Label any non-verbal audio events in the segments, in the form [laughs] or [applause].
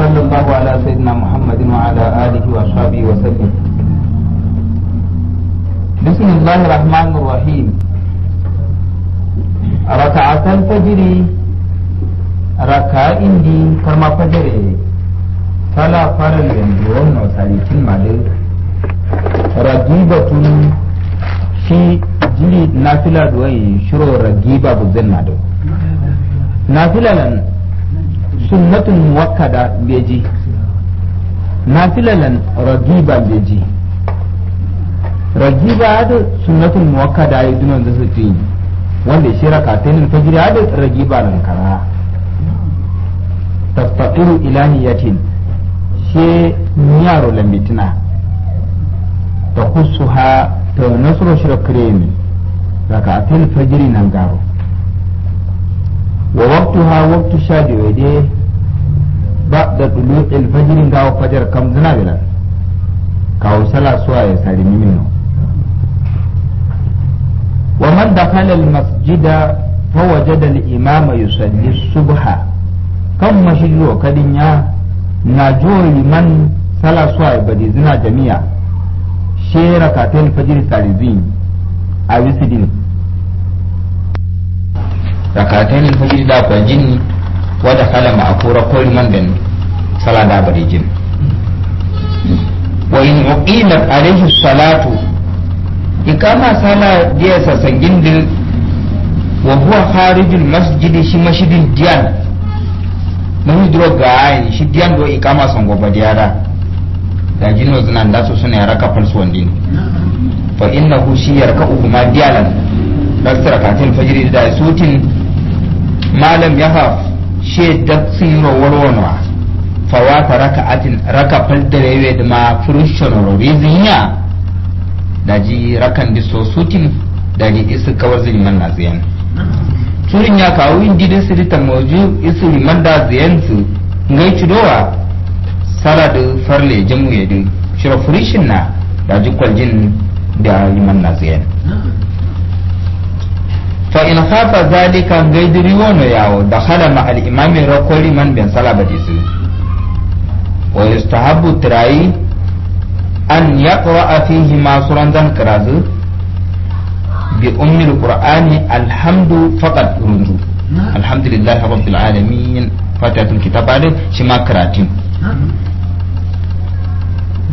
وصلى الله على سيدنا محمد وعلى آله وأصحابه وسلم بسم الله الرحمن الرحيم ركعة الفجر ركعين دي كما فجر صلاة فرل ينجون وسالك المدر رقيبة شي جلي نافلة دوي شروع رقيبة بزن مدر نافلة لن sunnatun muwakkada beji ji nafilalan ragiba beji ragiba da sunnatun muwakkada ya dunan da su yi wanda shi rakatainin fajiri da ragiba nan kara tafaqiru ilahiyatin she yaro lambitina ta ha ta nasro shi kremi rakatainin fajiri nan garo wa ha waktu shadi wa dai بعد طلوع الفجر غاو فجر كم زنابلا كاو سلا سوا يساري منه ومن دخل المسجد فوجد الإمام يصلي الصبح كم مشجلو كدنيا نجوي من سلا سوا يبدي زنا جميع شير كاتين فجر زين أو سدين ركعتين الفجر دا فجر wadda kala ma akura ko man den sala da bari jin wa in uqimat alayhi salatu ikama sala dia sa sangin dil wa huwa kharijul masjid shi masjidin diyan mun duro ga ayin shi diyan do ikama sango ba diyara da jinno zunan da su suna raka falsu wandin fa innahu shi yarka ma diyalan daktar katin fajiri da sutin malam yahaf she dabsi no worwonwa fawata raka'atin raka da ma fruition da daji rakan da so sutin daji isu kawazin man na ziyan surin ya kawo indi da su ta moju isu liman da ziyan su ngai cidowa sara da farle jamu ya di shira fruition na daji kwaljin da liman na ziyan فإن خاف ذلك غيدريون ياو دخل مع الإمام الرقول من بين صلاة بديسي ويستحب تراي أن يقرأ فيه ما سرندن كرازو بأم القرآن الحمد فقط رنجو نعم. الحمد لله رب العالمين فاتحة الكتاب على شما كراتين نعم.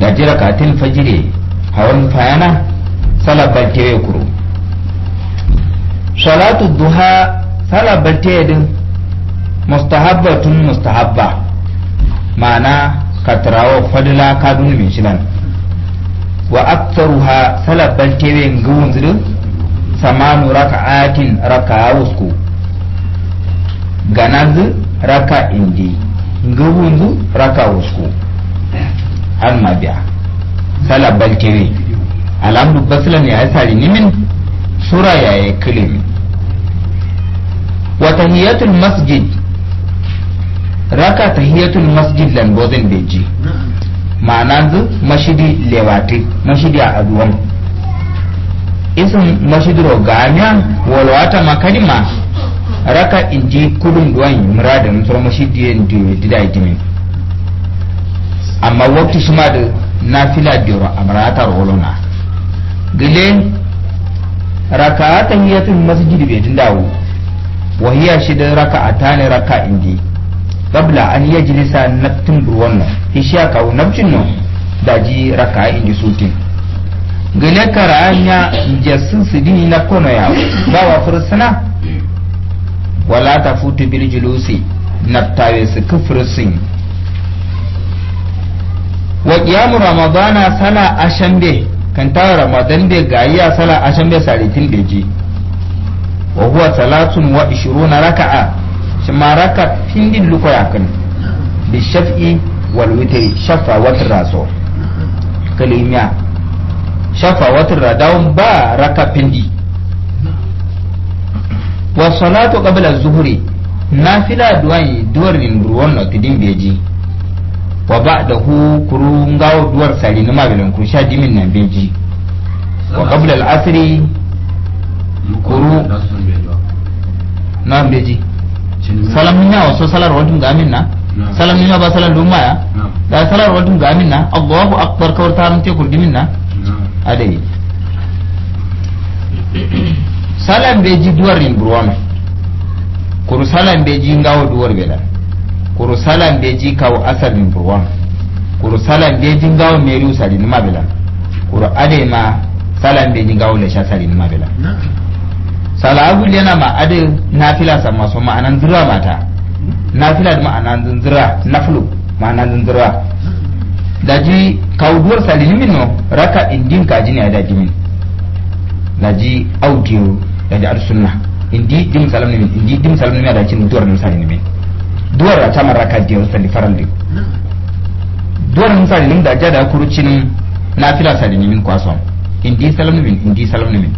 دجرة كاتين fajire هون فانا صلاة kewe kuro salatu duha sala bate din mustahabbatun mustahabba ma'ana ka tarawo fadila ka mai min shilan wa aktaru sala salabar ben gawun zidin samanu raka'atin raka'a usku ganazu raka indi ngawunzu raka an amma biya sala alamdu basila ne ya asali nimin sura yayi kilin wata tahiyatul masjid raka ta tahiyatul masjid lambozin beji ma'ana zu mashidi lewati mashidi a aduwan isin mashidi roganiya walwata makarima raka inji kudin duwan muradin tsoron mashidi yin dida jimin amma wakti shima da nafila a maratar olona gile raka tahiyatul masjid bai jin dawo wa hiya shida raka'atani raka indi. Babla an yajlisa naftin burwanna ya kawo naftin no daji raka indi sutin gele karanya jasin dini na kono ya ba wa fursuna wala ta futu bil julusi naftawe su kufrusin wa qiyamu ramadana sana ashambe kanta ramadan be gayiya sala ashan be saritin beji wa huwa salatun wa ishiruna raka'a shi ma raka findin luko yakin bi shaf'i wal witri shafa watin raso kalimiya shafa watin radawun ba raka findi wa salatu qabla zuhri nafila duwan duwarin ruwan notidin beji wa da hu kuru ngawo duwar sari na maganin kun sha dimin nan beji wa kabla al-asri kuru na beji salam ya wasu salar wadun ga amin na salamin ya ba salar dun ya da salar wadun ga amin na Allahu akbar kawar ta mun te dimin na adai salam beji duwar buruwa mai kuru salam beji ngawo duwar bela kurusalan be ji kawo asalin min furwan kurusalan be ji gawo meri usari nima bila kuru ade ma salan be ji gawo sha shasari nima bila sala da yana ma ade nafila sama maso ma'anan zira mata nafila da ma'anan zira naflu ma'anan zira daji kawduwar salilimin no raka indin kaji ne a daji min daji audio daji arsunna indi dim salam ne indi dim salam ne a daji mutuwar duwar a chamar raka diyo sali faralli duwar hun da ja da na fila sa da nimin kwaso indi salam nimin indi salam nimin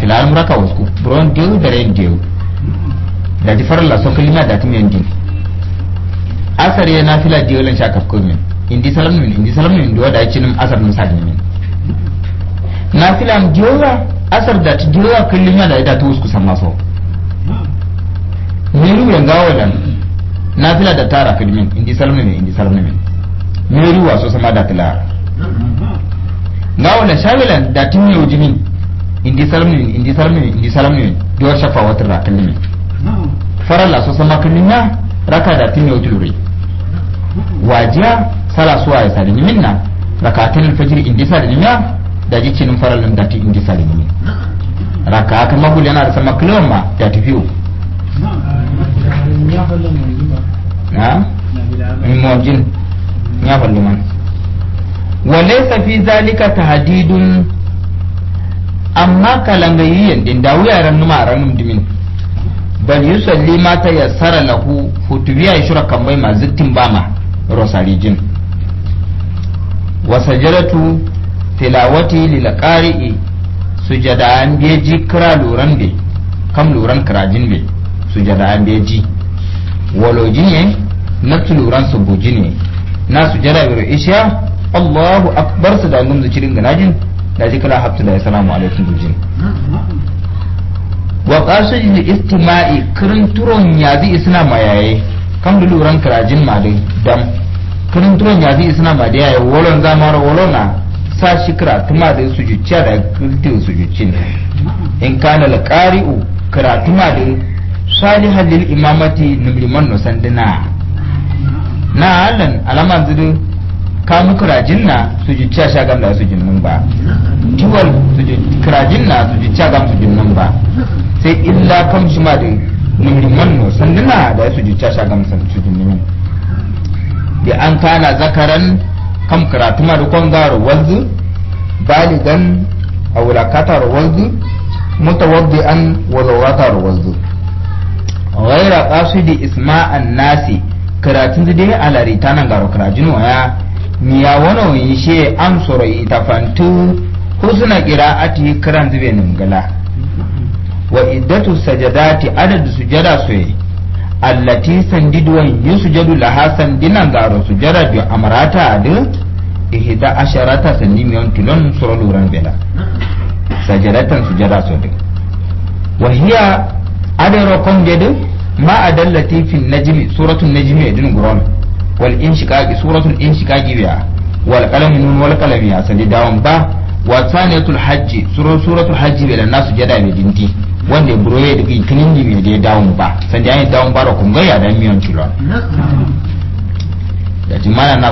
fila al muraka wasku buron diyo da ren diyo da ti faralla laso kalima da tumiyan din asar ya na fila diyo lan shakar kome in indi salam nimin indi salam nimin duwa da ya cinin asar nun sali nimin fila am diyowa asar da ti diyowa kalima da ida to wasu samma so miru yangawa dan nafila da tara kadmin indi salmne me indi ne me meri so sama da tala na shawilan da tinni ujimi indi salmi me indi salmi ne indi salmi me diwar shafa watar da kadmin farala so sama kadminna raka da tinni ujuluri wajiya sala suwa ya salimi minna tin fajr indi salmi ya da jicinin faralin da indi salimi raka kama gulana da sama ma da tafiyo amma kalamayi yadda da wuya ran numa a ranar dimin bal yusuf lima ta yi tsara na ku hutu biya ya shura kambai ma zittin ba ma rosari filawati lila ƙari'i su jada an beji kam loran kira jin su jada an beji walo jinye na tuluran su bujini na su jara bir isha Allahu akbar su da gumzu cirin ganajin da ji kala haftu da assalamu alaikum bujini wa qasid istima'i kirin turon yazi isna mayaye kam duluran karajin madai dam kirin turon yazi isna madai walon zamar walona sa shikra tuma da su jucciya da kirtin su juccin in kana alqari'u karatuma da salihan lil imamati nimliman no sandina na alan alama zuru kamu kirajin na su ji cha sha da su jinnun ba duwal su ji kirajin na su ji cha gam su jinnun ba sai illa kam shi ma da nimliman no sandina da su ji cha sha gam su jinnun da an kana zakaran kam karatu ma da kwangaro wanzu baligan a wulakatar wanzu mutawaddi an wazauwatar wanzu ghaira qasidi isma'an nasi karatun de alari tanan garo karajinu ya niya wono yishe amsoro itafantu husna qira'ati karan zube nungala wa iddatu sajadati adadu sujada soyi allati sandiduwan yusjadu laha sandinan garo sujada bi amrata adu ihda asharata sandimiyon tilon soro luran bela sajadatan sujada soyi wa hiya adaro kom jedu ma dan latifin najmi suratul najmi yadun guram wal inshiqaqi suratul inshiqaqi biya wal qalam nun wal qalam ya sadi dawon ba wa thaniyatul hajji suratul hajji bi lan nasu jada bi dinti wanda buroye da kin kinin ne da ba san da yayin dawon ba ra kun ga ya dan miyan kilo da timana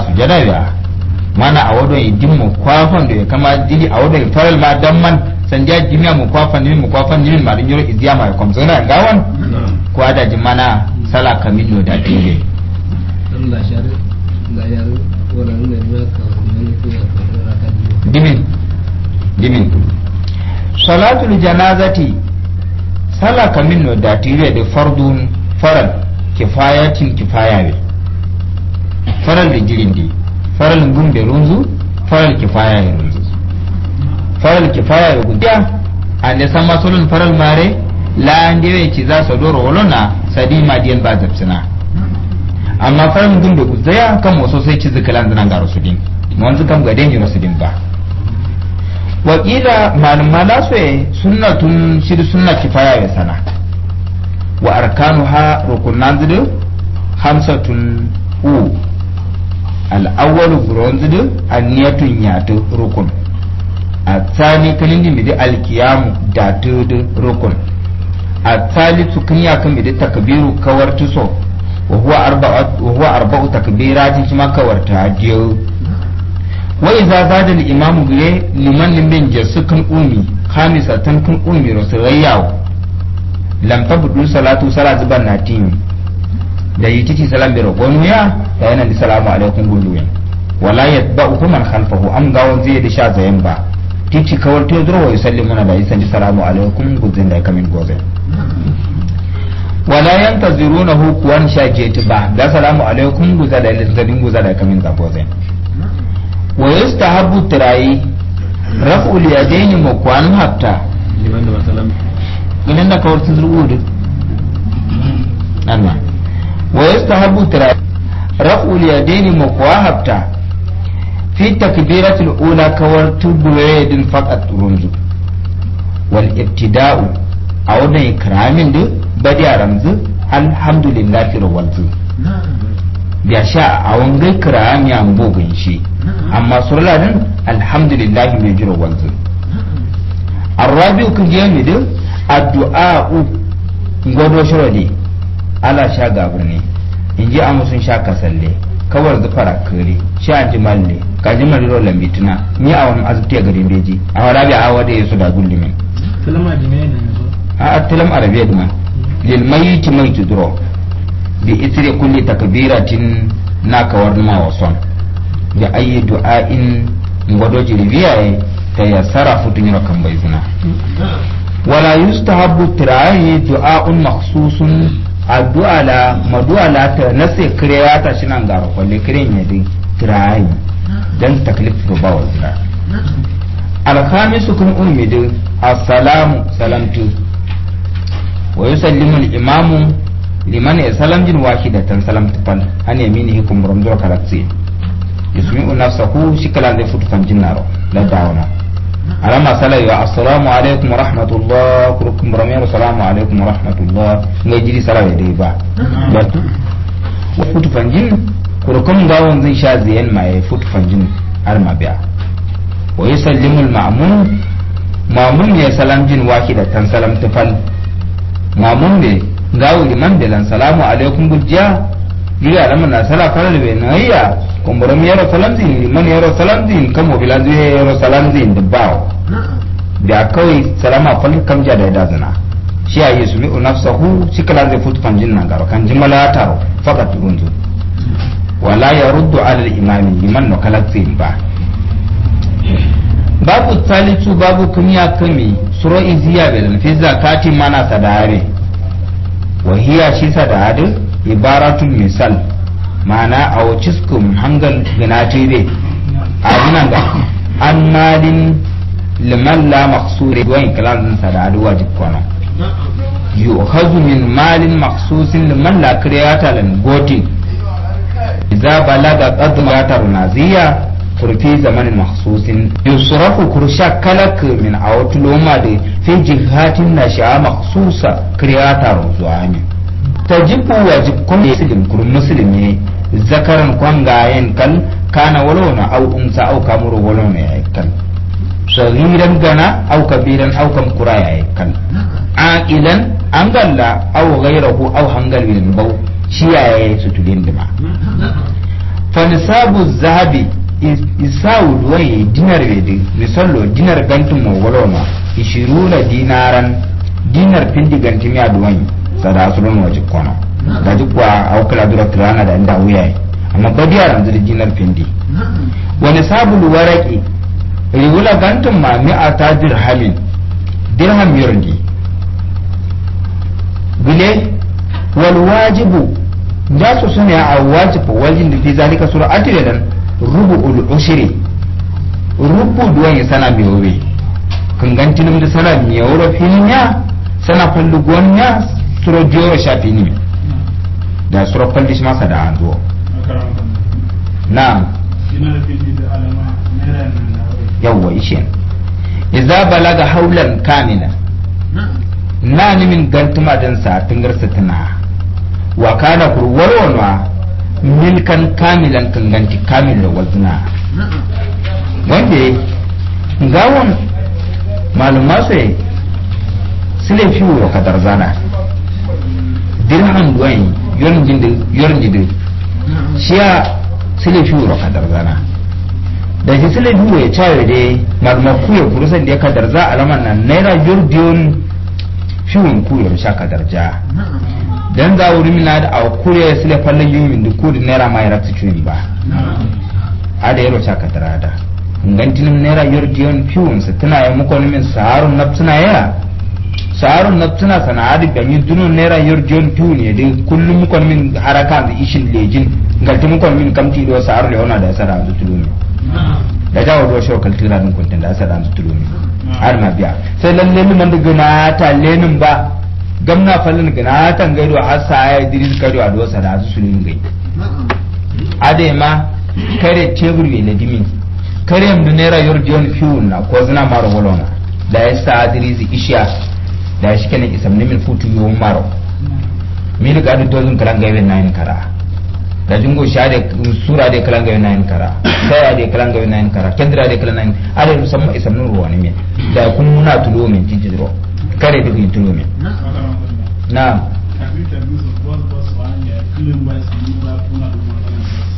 mana a wadon e mu kwafan ya kama dili a e toral ma damman sanja jimya mu kwafan ni mu kwafan ni ma dinyo idiya ma kom zona gawan ko ada jimana sala kamin no da tinge Allah shar da yar wala ne ne ka dimin dimin salatul janazati sala kamin no da tire da fardun faral kifayatin kifaya ne faral da jirindi faral gun bai runzu faral kifaya ya runzu faral kifaya ya gudiya a ne sama solon faral mare la an dewe ci za su doro wolona sadi madiyan ba zabsina amma faral gun bai ya kan wasu sai ci zikilan zanan ga su din wanzu kam gade dangin su din ba wakila lasu ya suna tun shi sunna kifaya ya sana wa ha rukunan zidu hamsatun u al'awwalu furonzidu aniyatun yatu rukun a tsani kalindin bidi alkiyamu datudu rukun a talisu kun yakan bidi takbiru kawar tuso wa arba'u takbiratin shima kawar ta diyo wa iza zada al-imamu gure liman limbin jasu kan umi khamisatan kan umi rasuliyyaw lam salatu salat zuban da yi titi salam biro gonu ya da yana da salamu alaikum gulluya wala ba man khalfahu am gawon zai da sha zayen ba titi kawal to duro wa muna da yi sanji salamu alaikum guzin da kamin gozen wala ziruna hukuwan sha jeti ba da salamu alaikum guza da zadin guza da kamin za wa yustahabbu su ta yadaini mukwan hatta liman da salam idan da kawar tuzuru nan ma wa yastahabu raf'ul yadaini muqwahabta fi takbiratul ula kawar tubuwaidin faqat runzu wal ibtida'u a wannan ikramin din badi a ramzu alhamdulillah fi rawalzu ya sha a wangai kiram ya mbogun shi amma surlanin alhamdulillah mai jira wanzu arrabi ku je mi din addu'a gwado shiro ne ala sha ne in ji amu sun sha kasalle kawar zufara kare sha ji malle ka ji rola mituna ni a wani azubti a garin beji a warabi a ya yesu da gullumin filam arabiya ne a filam arabiya kuma lil ki mai ki duro bi isri kulli takbiratin na kawar ma wason ya ayi du'ain ngwado jirbiya ta yasara futun yaro kan bai zina wala yustahabbu tirahi du'a'un maksusun addu'a la madu'a la ta nase kreya ta shinan gara kwalle kiren ya din tirayi dan taklif ga bawa zira alhamis kun ummi din assalamu salamtu wa yusallimu al-imamu liman ya salam jin wahidatan salam tupan an yaminihi kum ramdur kalatsi yusmi'u nafsahu shikalan da futu kan jinnaro la dawana alama salayo assalamu aleykum warahmatullah kurukum romero salamu aleykum warahmatullah ngay jiri da dai ba futu fanjin kurukum gawon zai sha ziyan ma ya futu fanjin har ma biya wa yusallimu al-ma'mun ma'mun ya salam jin wahida tan salam tufan ma'mun ne gawo liman bilan salamu alaikum gujja yi alaman na sala farar bai nayya umbarom yaro salamzin liman yaro salamzin kan mobila zuwa yaro salamzin da bawo da kawai salama falin kamja da ya zina shi a yesu mi'u nafsahu shi kala zai futu kan jin nan garo kan jin malataro fakat gunzu wala ya ruddu alal imami liman no kalatzin ba babu talitu babu kunya kami suro iziya bil fi zakati mana sadare wa hiya shi sadare ibaratun misal ma'ana a waciskum hangal ginati be a nan ga an malin liman la maksure wa inkilalin sa da aduwa yi hazu min malin maksusin liman la kriyata lan goti idza balaga qadra naziya kurfi zamanin maksusin yusrafu kursha kalak min loma da fi jihatin na nasha maksusa kriyata ne tajibu wajib kun eh. muslim kun muslim ne zakaran kwangayen kan kana walona au unsa au kamuru walona ya kan sagiran gana au kabiran au kam kura ya kan ailan an galla au ghairahu au hangal bin bau shi ya su tudin fa nisabu zahabi isawu duwaye dinar wede misallo dinar gantin mawalona ishiruna dinaran dinar gantin ya duwanyi sada asulu waje ji kono da ji au kala dura kirana da inda wuya amma ba biya ran zuri jinar findi wani sabulu waraki rigula gantun ma ta dirhamin dirham yurdi bile wal wajibu da su suna a wajibu wajin da fi zalika sura rubu rubu'ul ushri rubu duwan ya sana biyowe kan gantinum da sana miyawro hinya sana fallugon ya suro joyo shafi ne da suro kwallish masa da an zuwa na yawwa ishe iza ga haulan kamina na nimin gantuma din sa tungar tana wa kana wani milkan kamilan kan kamil da wazina wanda gawon malum sai sile fiwo wa kadar zana dirham duwani yorin jindil yorin jindil shiya sile fi wuro kadar zana da shi sile fi wuro ya cawe de magma kuya kurusan da ya kadar za a laman nan naira yordiyon fi wun kuya sha kadar ja dan za wuri mina da a ya sile fallon yumin da kudin naira ma ya rakta cuni ba a da yaro sha kadar da ngantilin naira yordiyon fi wun su tana yi mukonin min saharun na tana yara saarun tuna sana'a da gami dunun nera yor jon ne dai kullum kon min haraka da ishin lejin galtum kon min kamti do saar le yawon da sara da tulumi da dawo do sho kaltira dun kun da sara da ne har ma biya sai lalle mun man daga na ta lenin ba gamna fallin gina ta gaido a sa ya dirin kado a do da asusu ne gai ade ma kare tebur ne dimi kare mun nera yor jon fiun na ko zina mara wolona da ya sa adirizi ishiya da shi kenan isam ne min futu yo maro mil ni kadu tozun kalanga na yin kara da jungo shade sura de kalanga na yin kara saya de kalanga na yin kara kendra de kalanga kara ala musamman isam nun ruwa min da kun muna tulo min tijiro kare da kun tulo min na'am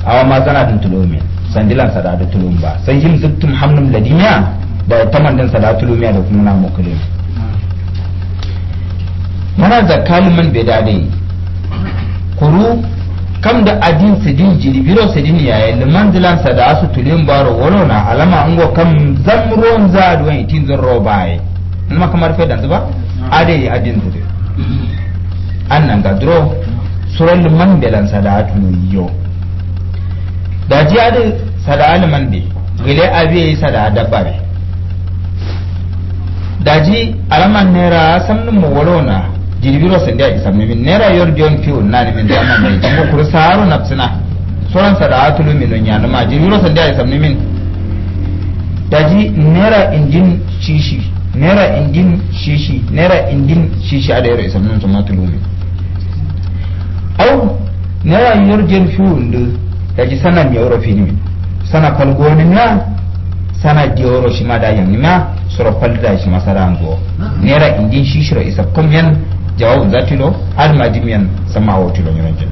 awa ma sana dun tulo min sandilan sada da tulumba sanjil zubtum hamnum ladina da tamandan sada tulumiya da kuma na mukulin kalmin kaluman bedade kuru kam da adin sidin jiribiro sidin yaye liman dilan sada asu tulin baro wolo na alama ango kam zamron za duwan itin zon robaye nima kamar fe dan zuba mm. ade adin An annan ga dro suran liman dilan sada atu yo da ji ade sada liman gile abi yi sada da daji alaman naira samnin mu wolo na jirgiro sende a isam nimin nera fi piwol nani min dama mai jango kuru saru napsina soran da atulu min onyano ma jirgiro sende a isam nimin daji nera injin shishi nera injin shishi nera injin shishi ada yoro isam nimin sama tulu au nera yordion piwol ndu daji sana mi yoro fi nimin sana palgoni na sana dioro shima da yamni ma soro shi shima sarango nera injin shishiro ra isa kumyan jawabin jawabu tilo har ma yan sama wa tilo nyono jin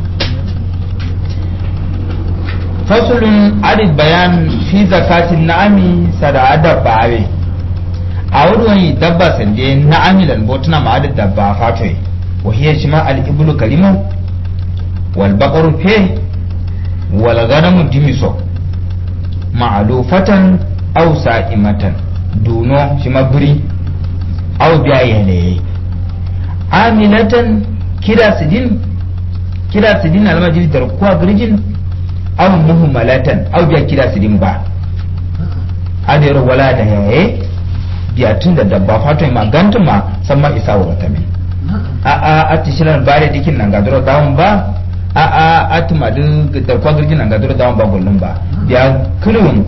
fasulun adid bayan fi zakatin na'ami sada adab ba'awe a wurin dabba sanje na'ami lan botuna ma adad dabba fatoi e. wa hiya shima al iblu kalimu wal baqaru fe wal ghanamu dimiso ma'alufatan aw sa'imatan duno shima biri aw biya yanayi aminatan sidin kirasidin almajiri darkuwa girjin aw muhmalatan aw biya kirasidin ba adir wala da yaye biya tun da dabba fatan ma gantun ma san ma isa wa watamin a a atishilan bare dikin nan ga duro dawon ba a a atuma din darkuwa girjin nan ga duro dawon ba gullun ba biya kulun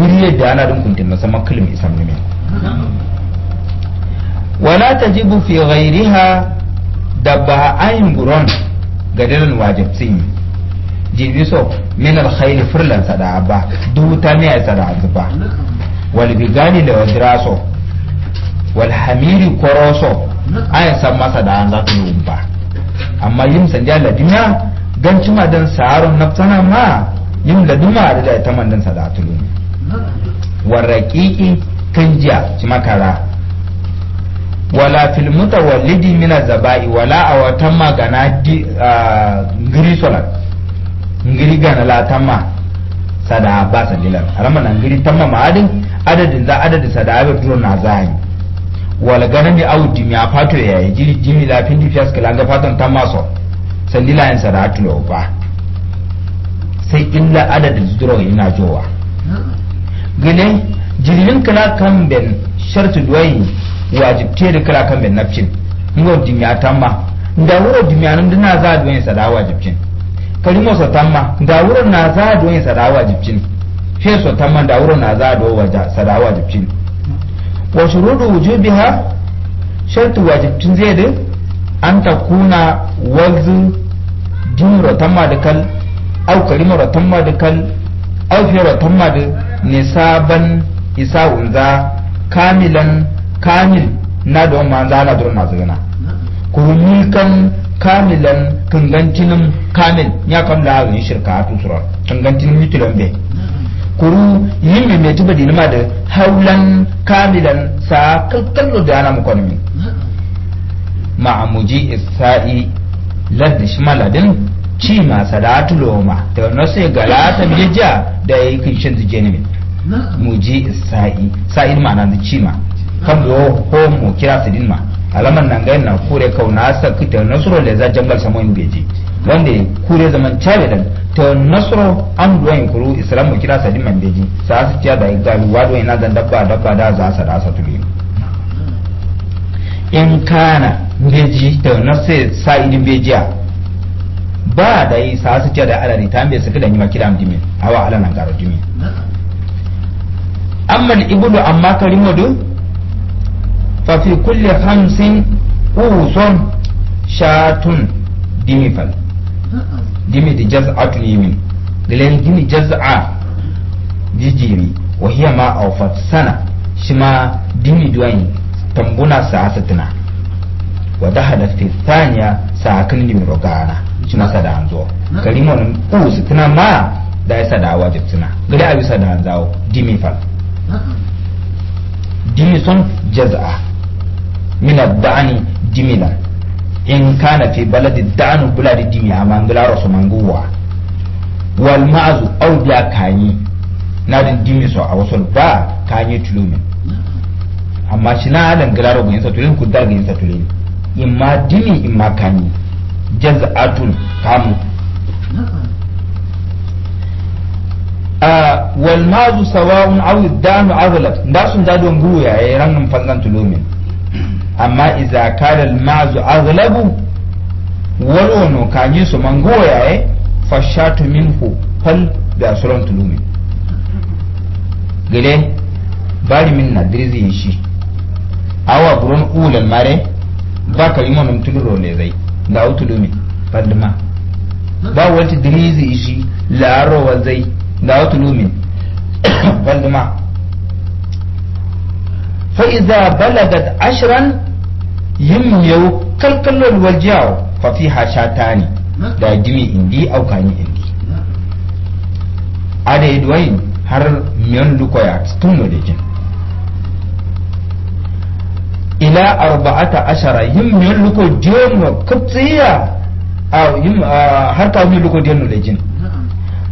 buriye da ana dun kuntin sama kulun isa ne wala tajibu fi ghairiha da ba ayin buron ga dinan wajibsin jibi so min alkhayl furlan sada ba duta ne a sada zuba wal bigani da wadraso wal hamiri koroso ayin san masa da an zaka ba amma yin sanja ladina gan cima dan saharon naftana ma yin laduma da ta mandan sada tulun warraƙiƙi kan jiya ci makara wala fil mutawallidi min az-zaba'i wala awatan magana di ngiri solat ngiri gana la tamma sada ba haram nan ngiri tamma ma adin adadin za adadin sada ba duro na zai wala gana mi audi mi afato ya jiri jimi la fin fias kala ga fatan tamma so sandila en sada tulo ba sai illa adadin duro ina jowa ah. gane jirgin kala kan ben shartu duwayi wajibte da kala kan ben nafcin ngo dimiya tamma da wuro dimiya nan dina za da yin sada wajibcin kalimo sa tamma da wuro na za da yin sada wajibcin he so tamma da wuro na za da waja sada wajibcin wa shurudu wujubiha shartu wajibcin zai da an takuna wazu dimro tamma da kal au kalimar tamma da kal au fiyar tamma da nisaban isa unza kamilan kamil na da manza na da na zagana kurumi kan kamilan kangantinin kamil ya kan da hagan shirka a tusura kangantinin mitulan bai kuru yi mai mai tuba dinima da haulan kamilan sa kankan da ana mukonmi ma'amuji isa'i ladda shi maladin ci ma hatu loma da wani sai galata mijja da ya yi kinshin zuje ne muji isa'i sa'i ma'ana da ci ma kablo ko mu kira sidin ma alaman nan na kure kau na sa kita nasro da za jangal in beji wanda kure zaman chabe dan ta nasro an duwa in kuru islam mu kira sadin in beji sa su ciya da igalu wadu ina zan dabba dabba da za sa da sa tuli in kana beji ta nasai sa idin bejiya ba da yi sa su ciya da alari tambe su kidan yi makira mdimin hawa alanan karo jimi amma ibnu amma karimudu ففي كل خمس قوس شاة دمفل دمت جزعة يمين دلين دم جزعة ججيري وهي ما أوفت سنة شما دم دوين تنبنا ستنا ودخلت في الثانية كل دم رقانا شما سدا أنزو كلمة قوس تنا ما da ya واجب wajib suna gari a bisa da hanzawo dimifal dimisun jaza'a min ad-da'ni dimila in kana fi baladi da'nu buladi dimi amangala rasu manguwa wal ma'azu aw biya kanyi na din dimi so a wasul ba kanyi tulumi amma shi na adan galaro gun sa tulin ku dalga yin sa tulin imma dimi imma kanyi jaz'atul kamu a wal ma'azu sawa'un aw ad-da'nu aghlab da sun da don guya yayin ran fanzan tulumin amma iza kana al-ma'zu aghlabu wani ono kanyi su mangoya eh fashatu minhu fal da asuran tulumi gele bari min na dirzi shi awa buron ulal mare ba ka yi manum tuluro ne zai da utulumi fadma ba wata dirzi shi laro wa zai da utulumi [coughs] fadma fa idza balagat ashiran. Yin yew kalkalol wal jaw fa ta ne da jimi indi auka ni indi ada idwain har miyan lukoya tun da jin ila arba'ata ashara yin miyan jiyon jomo kaptiya a yin har ka mi luko jiyon da jin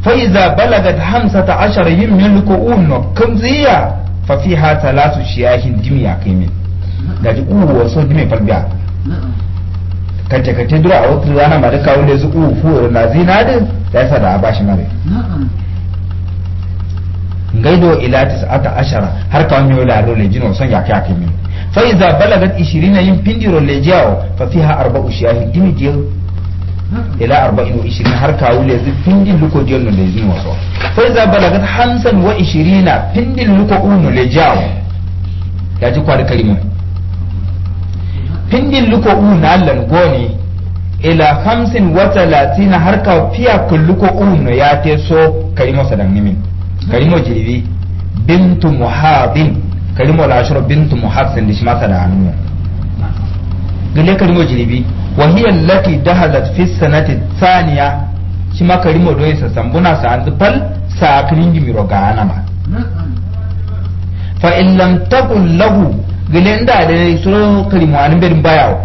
fa iza hamsa ta ashara yin miyan luko uno kaptiya fa fiha thalath shiyahin dimi ya kaimin gaji uwu wasu gine farga kace kace dura a wata zana ma duka wanda su uwu fu na zinadin da sa da a bashi mare gaido ila tis'ata ashara har ka wani yola role jino son ya kai kai min fa iza balagat 20 yin pindiro le jawo fa fiha arba'u shiyahi dimi jiyo ila arba'in wa ishirin har kawo le zu pindin luko jiyar na zin wasu fa za balagat hamsan wa ishirina findin luko unu le jawo ya ji kwari kalimun pindin luko u na ila hamsin wa har ka fiya kulluko u no ya te so karimo sadan nimin karimo bintu Muhadin karimo la bintu Muhadin dish da anu gele karimo jiribi wa hiya allati dahalat fi sanati thaniya shi ma karimo do yasa sambuna sa an sa akrin gimiro anama fa in lam takun lahu gele nda de soro kalimo an be bayawo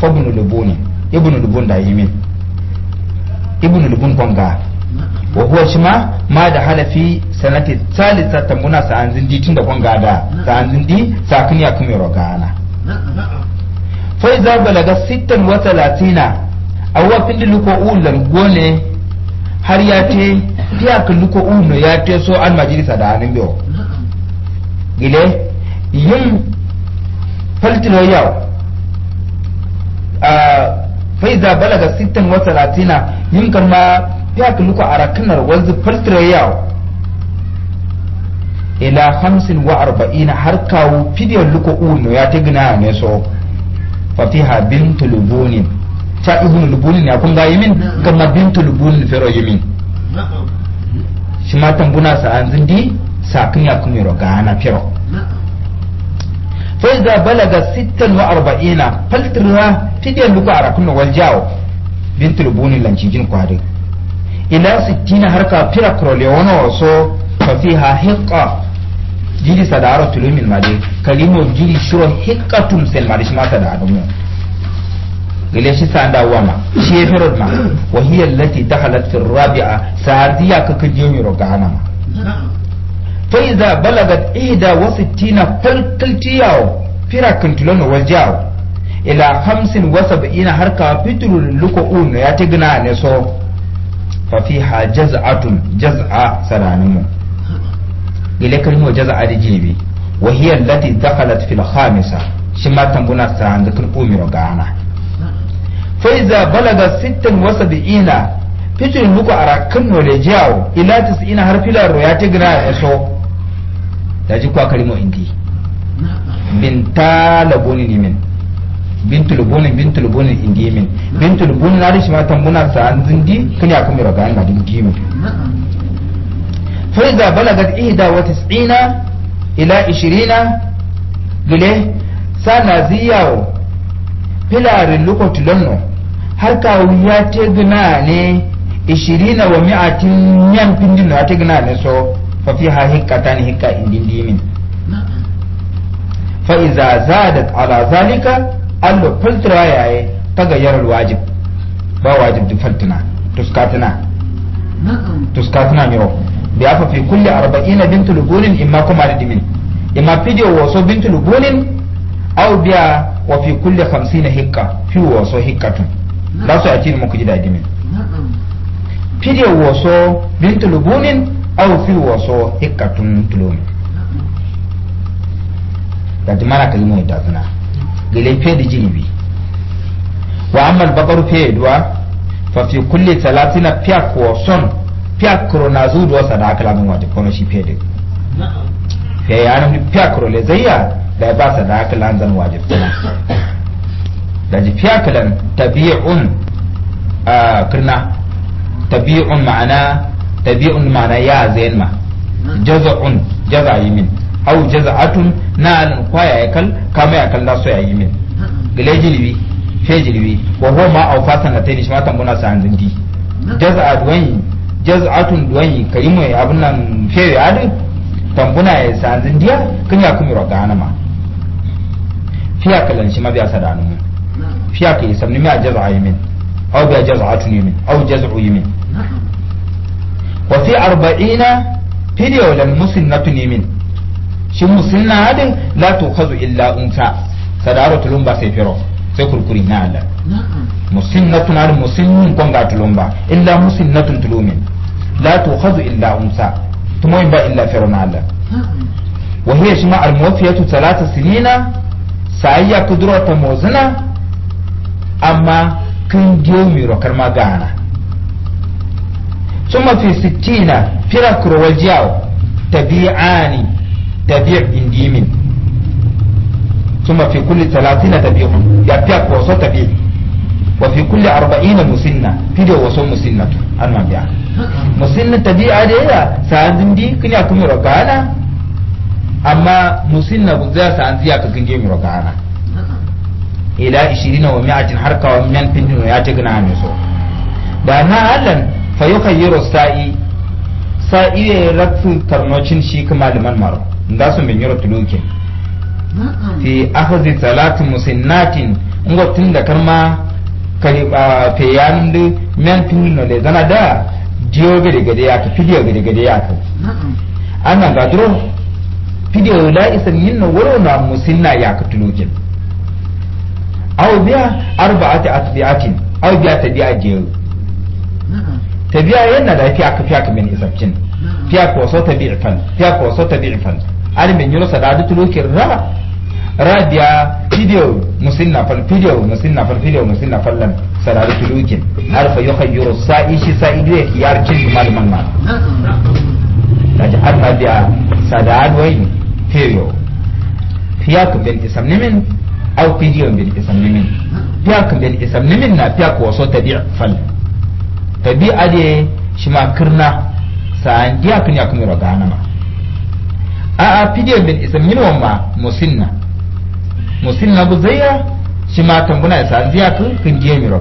fobnu lubuni ibnu lubun da yimin ibnu lubun konga wa huwa shima ma da halafi sanati salisa tambuna sa tun da konga da sa zindi sa kunya kuma rogana fa iza balaga 36 awwa pindilu ko ulan gone har ya te biya kullu ko uno ya te so an majlisa da anin biyo gile yin faltin yau faiza balaga sittin wa latina yin karma ya luka a rakunar wanzu faltin yau ila hamsin wa arba'ina har kawo fidiyar luka uno ya ta gina ne so fafiha bintu lubunin ta ibn lubunin ya kun yi min? gama bintu lubunin fero min shi matan buna sa'an zindi sakin ya kuma yi roga ana fero فإذا بلغ ستة وأربعين فلترها تدي اللقاء على كل والجاو بنت البوني لنجيجين قاري إلى ستين هركا فيرا كروليونو وصو ففيها حقا جيلي سدارة تلوم المالي كلمة جيلي شو حقا تمسل مالي شما سدارة مو gile shi sa da wama shi ya firod ma wa hiya allati dakhalat fi فإذا بلغت إحدى وستين فالقلتياو فيرا كنتلون والجاو إلى خمس وسبعين هركا بيتر لكوون ياتيغنا نسو ففيها جزعة جزعة سرانمو إلى كلمة جزعة جيبي وهي التي دخلت في الخامسة شما تنبونا سران ذكر أمير غانا فإذا بلغت ستا وسبعين بيتر لكو أراكن والجاو إلى تسعين هرفلا روياتيغنا نسو daji kwa kalimo indi binta laboni ni min bintu lubuni bintu laboni indi min bintu laboni na rishima tambuna sa anzindi kini akumi roga anga dingi min fa iza balagat ihda wa tis'ina ila ishirina gile sa nazi yao pila riluko tulono ya te gina ni ishirina wa mi'atin yan pindin ya te gina ne so ففيها هكتان هكا اندين ديمين فإذا زادت على ذلك ألو فلترا يأي آية، تغير الواجب با واجب دي تسكاتنا تسكاتنا ميو بيافا في كل أربعين بنت لبونين إما كما ردمين إما فيديو وصو بنت لبونين أو بيا وفي كل خمسين هكا في وصو هكا لا سأتين مكجد أدمين فيديو وصو بنت لبونين aw fi waso hikatun tulum dati mara kalimo ita fina gele fedi jilibi wa amma bakaru fedwa fa fi kulli talatina piak wason piak krona zudu wasa da akala mun wata kono shi da fe ya nan piak kro le zayya da ba sa da akala an zan wajib tana da ji piak lan tabi'un a kirna tabi'un ma'ana tabi'un ma'ana ya zayin ma jaza'un jaza yi min au jaza'atun na an kwaya ya kal kama ya kal so ya yi min gile jilbi fe jilbi wa huwa ma au fatan latain shi ma tambuna sa hanzin jaza jaza'at wani jaz'atun duwanyi ka yi mai abin nan fewe adin tambuna ya sa hanzin ya kan ya kuma roga anama fiya kalan shi biya sa da anu fiya ka yi sabni mai jaza'a yi min au biya jaza'atun yi min au jaza'u yi min fi arba'ina fidiyo lal musinnatu ne min shi musinna hadin la illa unsa sadaro tulumba sai firo sai kurkuri na Allah musinnatun al musinnun konga tulumba illa musinnatun tulumin la tukhadhu illa unsa tumoy ba illa firo na Allah wa hiya shima al muwafiyatu thalatha sinina amma kan magana ثم في ستين فراكرو والجاو تبيعاني تبيع بنديمين ثم في كل ثلاثين تبيع يبيع وصو تبيع وفي كل أربعين مسنة في وصو مسنة أنا بيع مسنة تبيع ديا سعندن دي كني أكون ركانا أما مسنة بزاف سعندي أكون جيم ركانا إلى عشرين ومائة حركة ومن بندن وياتي قناع نسو دانا ألن fa sa'i sa'i ya ratsu tarnocin shi kuma liman maro da su min yiro tuluke fi akhazi salatin musinnatin ngo da karma kai ba fe yan du men na le zana da jiyo gade gade ya ka fidiyo gade gade ya ka ana ga duro fidiyo la isan na woro na musinna ya ka tuluke aw biya arba'ati atbi'atin aw biya tabi'a jiyo tabiya yana da fiya ka fiya ka min isabcin fiyak waso tabi'fan fiyak ali min yuro sada da duk ra radiya video musinna fal video musinna fal video musinna fal lan sada sarari tulukin alfa yukhayyiru sa'i shi sa'i da yake yarkin malman ma kaji an radiya sadad wai period fiyak bin min au video bin isamnimin fiyak bin min na fiya ko fiyak waso tabi'fan tabi ade shima kirna sa'an giya kun ya kuma ma a ah, a ah, fidiyar bin isamin wamma musinna musinna shi shima tambuna ya sa'an ziya kun kun giya mi ma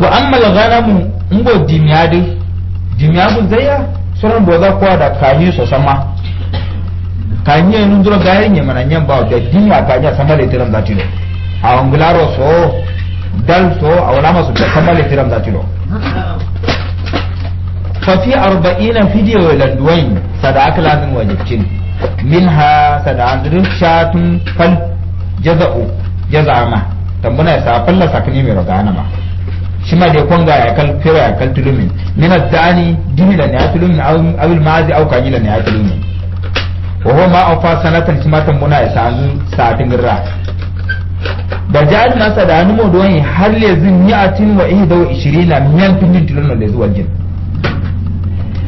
wa amma ganamu ngo dimiya bu zaiya soran boza ko da kanyi so sama kanyi nun duro gayen yamana nyamba da dinya kanya sama da tiram zati ne a wangularo so درسو أو لما kiran اللي fa fi ففي fidiyo فيديو لندوين صدعك لازم واجبتين منها صدعك رمشات فل جزاء جزاء ما tambuna ya sa falla sakani mai ragana ma shi ma dai kwanga ya kal fira ya kal tulumin min addani dimila ne ya tulumin mazi au kanila ne ya tulumin wa huwa ma afa sanatan shi ma sa an sa bajari masa da hannu modo wani har le zin ni a tin wa ihi dawa ishiri na miyan tun jin tulun da zuwa jin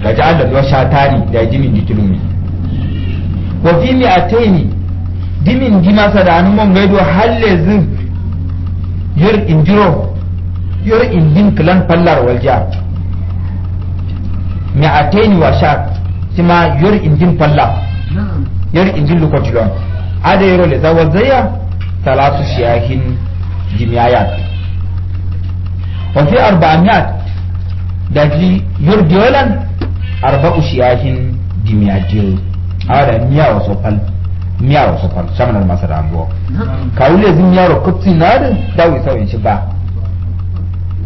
bajari da zuwa sha tari da jimin di tulun ne wa fi mi a ni, dimin di masa da hannu mon gaido har le zin yar injiro yar indin kilan fallar walja mi a ni wa sha ma yar indin falla yar indin lokacin ada yaro le zawar zayya ثلاث شياخ جميعات وفي أربعمائة دجلي يرديولا أربع شياخ جميعجل هذا مياه وصفل مياه وصفل شمن المسر عنه كاولي زي مياه وكبسي نار داوي سوي شبا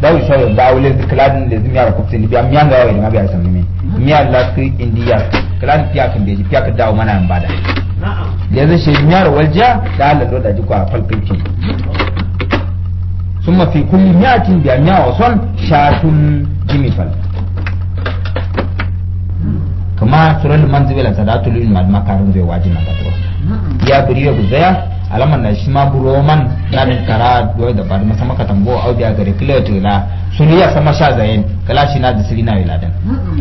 داوي سوي داولي زي كلادن لزي مياه وكبسي نبيا ميا نغاوي لما بيا سمي ميا لاسكي انديا kala fiyakin bai ji fiyakin dawo mana yan bada yanzu shi nyar walja da Allah do da jikwa falkinki summa fi kulli mi'atin bi anna son shatun jimifal liman sural lansa da ilm al makarin zai waje na katwa ya ya buzaya alamar na shima buro man na min kara do da bari masa maka tambo au biya gare plate la ya sama sha zayen kala shi na da sirina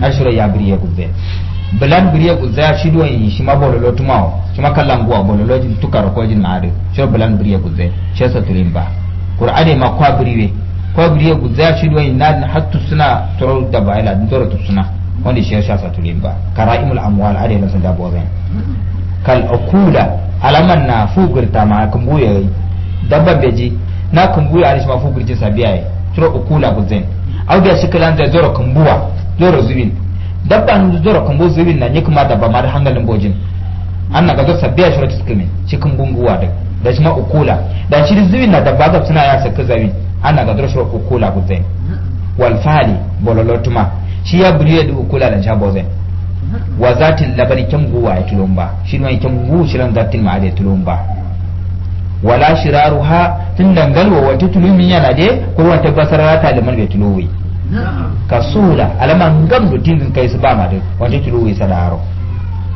har shirai ya ya buzaya bilan biriya shi duwan yi shima bololo ma shima guwa bololo jin tukaro ko jin shi ma bilan biriya kuzaya she sa ba kur'ani ma kwa biriwe kwa biriya shi duwan yi nan hattu suna turar da baila ndoro tu suna wanda she sha sa kara imul amuwa ade na sun da zai kal akula alaman na fugurta ma kumbuya dabba beji na kumbuya shi shima fugurta sabiya toro akula kuzen au da zai da zoro kumbuwa zora zubin dabban da kumbu zuri na ni kuma dabba da hangalin bojin an na gazo sabbi a shirar sukumin cikin gunguwa da da shi ma ukula da shi zuri na dabba zab suna ya saka zawi an na gazo shirar ukula ku wal fali bololotuma shi ya buriye da ukula da sha zai wa zatin labari kyan guwa ya tulumba shi ne kyan guwa shirar zatin ma'a da tulumba wala shiraruha tun dangalwa wata tulumin yana dai ko wata ta liman bai tulowai kasula alama ngam do tin kai su ba ma de wanda ki ruwe sadaro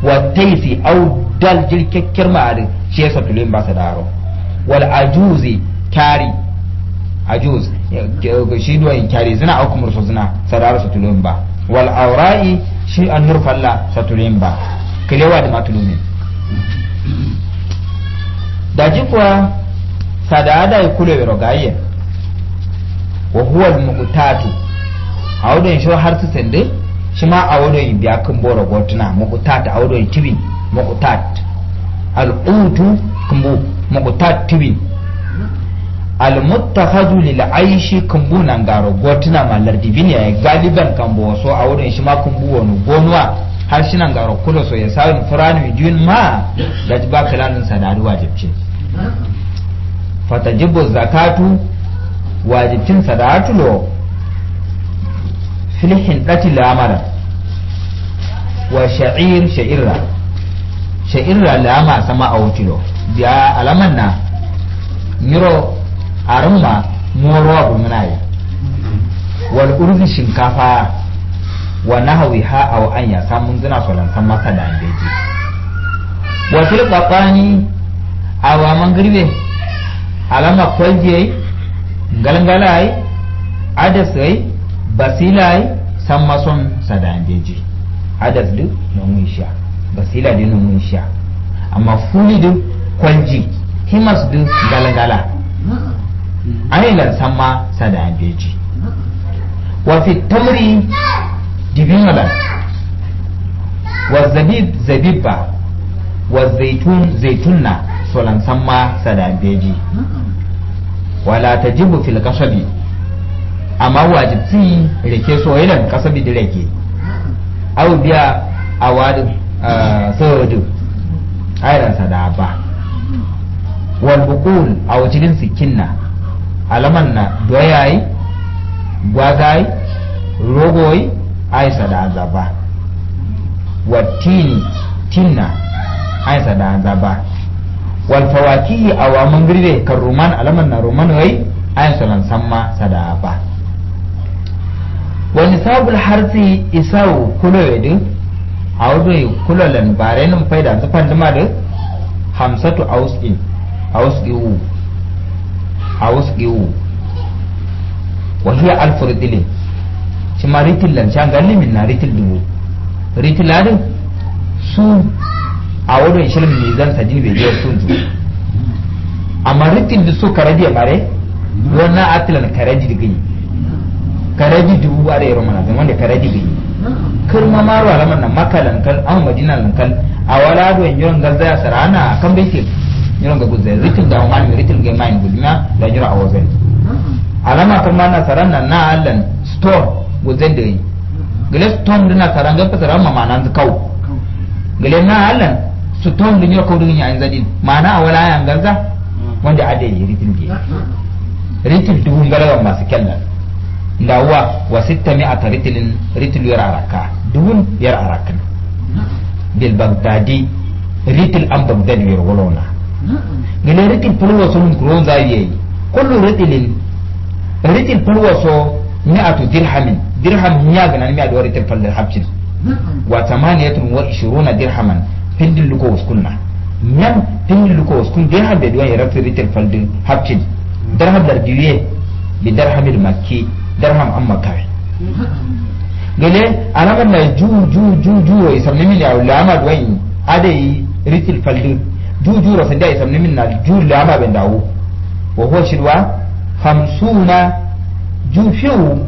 wa taifi au dal jil kekker ma de shi yasa tulin ba sadaro wal ajuzi kari ajuz shi duwayin kari zina au kumur zina sadaro su tulin ba wal aura'i shi an falla su tulin ba kilewa da matulumi da jikuwa sadada ya kule wa huwa al-muqtatu shi ma a wadon yi biya kan kumboro gotuna mogotat a wadon tibin al al'utu kumbu mogotat tiwin al muttahadu lil aishi kumbu nangaro gotuna ma lardi biniya galiban kambo so shi ma kumbu wani gonuwa har shi nangaro kula so ya sawin furani jun ma gaji ba kalalin sadari wajibce fatajibu zakatu wajibcin sadatulo fil hindati lamara wa sha'ir sha'irra sha'irra lama sama a wucilo da alaman na yiro rumma moro abu munaye wal urzi shinkafa wa nahawi ha a wa'an ya samun zina solan san masa da an daji wa fil a awa girbe alama kwalje galangalai adasai basilai sammason sadandeji hadas duk nomin sha basila du nomin sha amma fuli duk kwanji himas duk galagala mm-hmm. ailan samma sadandeji wa fi tamri dibinalan wa zabib zabibba wa zaitun zaitunna solan samma sadandeji mm-hmm. wala jibu fil kasabi amma wajibti rake so yana kasabi da rake aw biya awadin sawadu ayran sadaba wal buqul aw jilin sikinna alaman na doyayi gwagayi rogoyi aisa da azaba watini tinna aisa da azaba wal fawaki awaman girbe kan roman alaman na roman wai aisa lan sama sadaba wani sabon harsi isa kula wadi a wadda yi kula lan bare nan faida su fanta ma da hamsatu a wasu wasu iwu a wasu iwu wahiyar alfurdile shi ma ritil lan shan gani min na ritil dubu ritil ladin su a wadda shirin mai zan sajin bai biyar sun zuwa amma ritil da su mare bare na atilan karajiya gani karadi dubu ba da yaro manazin wanda karadi bai kar ma maro alaman nan makalan kal an madina lan kal a wala do yiron gal ya sarana kan bai ke yiron ga guzai ritin da wani ritin ga mayan gudina da jira a wazai alama kan na sarana na allan stone guzai da yi gile store dina saranga fa sarama ma zan kau gile na allan stone din yiro kau din ya anzadin maana a wala yan galza wanda ade ritin ge ritin dubu galawan masu kyallan lawa wa ritilin ritil yara araka duhun yara yararakan bil bagdadi ritil am bagdadi wer wolona ngene ritil pulwa so mun kuron zawiye kullu ritilin ritil pulwa so mi'atu dirhamin dirham nya ga nan mi'atu ritil pal habcin wa tamaniyatun wa ishiruna dirhaman pindin luko waskunna nyam pindin luko waskun dirham be duwan yarat ritl pal habcin dirham dardiye bi darhamil makki dirham amma kawai gane alamar na ju ju ju ju wa isa mimi na ulama duwai adai ritil faldi ju ju rasa da isa na ju ulama ben dawo wa huwa shirwa hamsuna ju fiu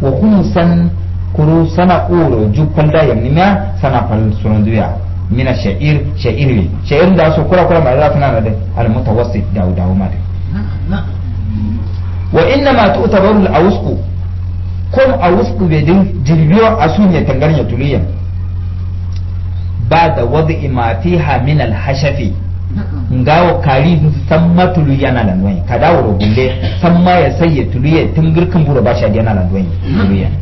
wa san kuru sana uro ju falda ya mimi sana fal sunan duya mina sha'ir sha'ir ne sha'ir da su kura kura ma za na nana da al mutawassit da dawo ma da wa inna ma tu'tabaru al awsku kun awsku be din jirbiyo ya tangarnya tuliyan ba da wadi ma fiha min al-hashafi ngawo kari samma tulu yana nan wani kadawo rogulle samma ya sayye tuliyan ya tungirkin buru ba shi yana nan wani tuliyan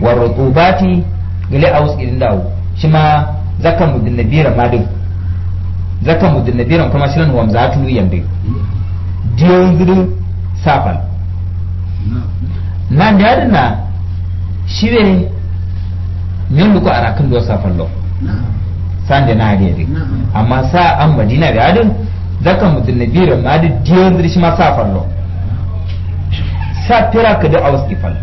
wa rutubati gile awsku din dawo shi ma zakamu mudin nabira ma duk zakan mudin kuma shi nan wamza tulu yan dai diondru sapan nan da na shire min buku arakan do safan lo san da na hade amma sa an madina da adin zaka mutun nabira ma da diondru shi ma safan lo sa tira ka a aus ifal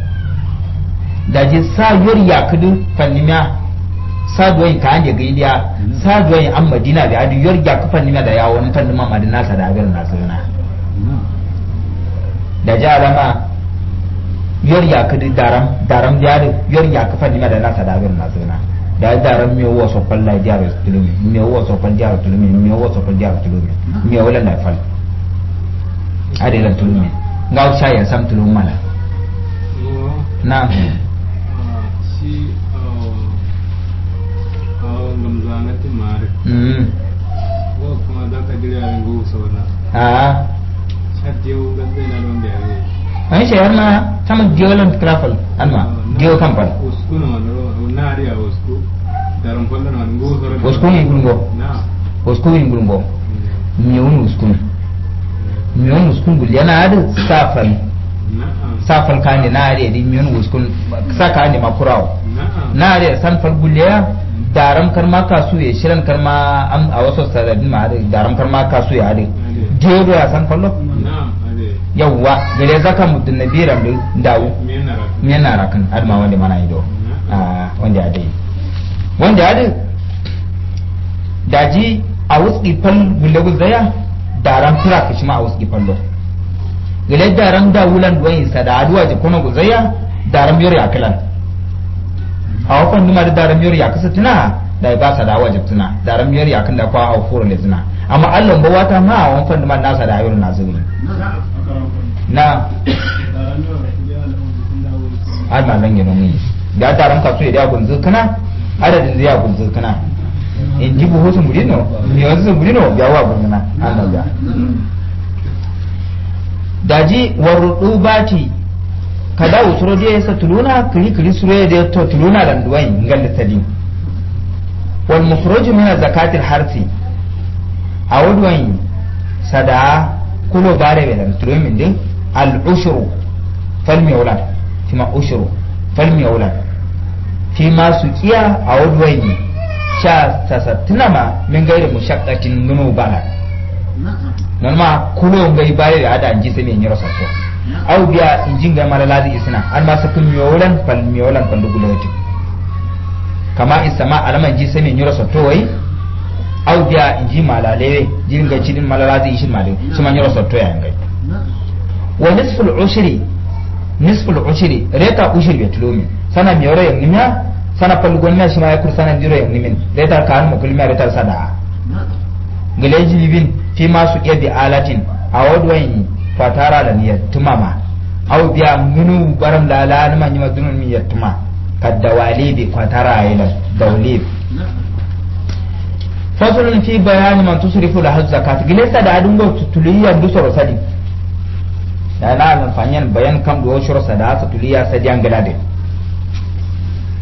da je sa yuriya kudu fannimiya sa duwayin ka hanje gaidiya sa duwayin an madina da adu yuriya ku fannimiya da yawon fannima madina sa da abin nasu na da jarama yor yakidi daram daram jari yor yakifa dina da nasa nasu na da daram me wo so palla jari tulumi me wo so palla jari tulumi me wo so palla jari tulumi me wala la fal ade la tulumi ngaw ya sam tulumi mala na si ngam zanati mare wo kuma da kadira ngo so na an shi yamma taman geoland crafal anma geo kampal usku ni gulungo usku ni gulungo miyon usku miyon usku gul yana ada safal safal kani na are di miyon usku saka ne makurawo na are san fal gulya daram karma kasu ya shiran karma a wasu sarari ma daram karma kasu ya are gero a san kwallo yawwa gare zaka mutum na bira dawo mena rakan adama wanda mana ido ah, wanda ya dai wanda ya dai daji a wutsi fal bulagu zaya daran fira kishi ma a wutsi lo gare daran dawulan duwan isa da aduwa ji kuma guzaya daren biyar ya kilan a wakon numar da biyar ya kasa tuna da ba sa da wajib tuna daren biyar ya kan da kwa a fura lezina amma allon ba wata ma a wanfan man nasa da ayyul nazimi na ai zan gina mun da taron kasu ya dagun gunzu adadin zai gunzu kana in ji buhu su murino yanzu su murino ya wa gunzuna Allah ya daji warudu bati kada usuro je sa tuluna kiri kiri sure da to tuluna dan duwai ngal da tadi wal mukhruj min zakatil harti a awolwan sada kulo bare be dan turo min din al ushru fal mawlad fima ushru fal su kiya a awolwan sha tasattinama min gairi mushaqqatin nuno bala nan ma kulo ngai bare da ada anji sai nyiro sasso au biya injin ga mala ladi isna an ma sakun mawlan fal mawlan fal dugulo kama isama alama ji sai nyiro sasso wai aw dia ji malalewe jin ga cidin malalati ishin shi su man yoro to ya ngai wa nisful ushri nisful ushri reta ushri betulumi sana mi yoro yang nimya sana shi shima ya kursana jiro yang nimin reta kan mo kulmi reta sada ji libin fi masu bi alatin awodwayin fatara da niyyar tumama au biya minu baram lala ni man yima dunun mi bi kadda walibi fatara ila dawlib fasulun fi bayani man tusrifu la hajj zakat gilesa da adungo tutuliya da na nan fanyan bayan kam do shoro sada tutuliya sadi an gilade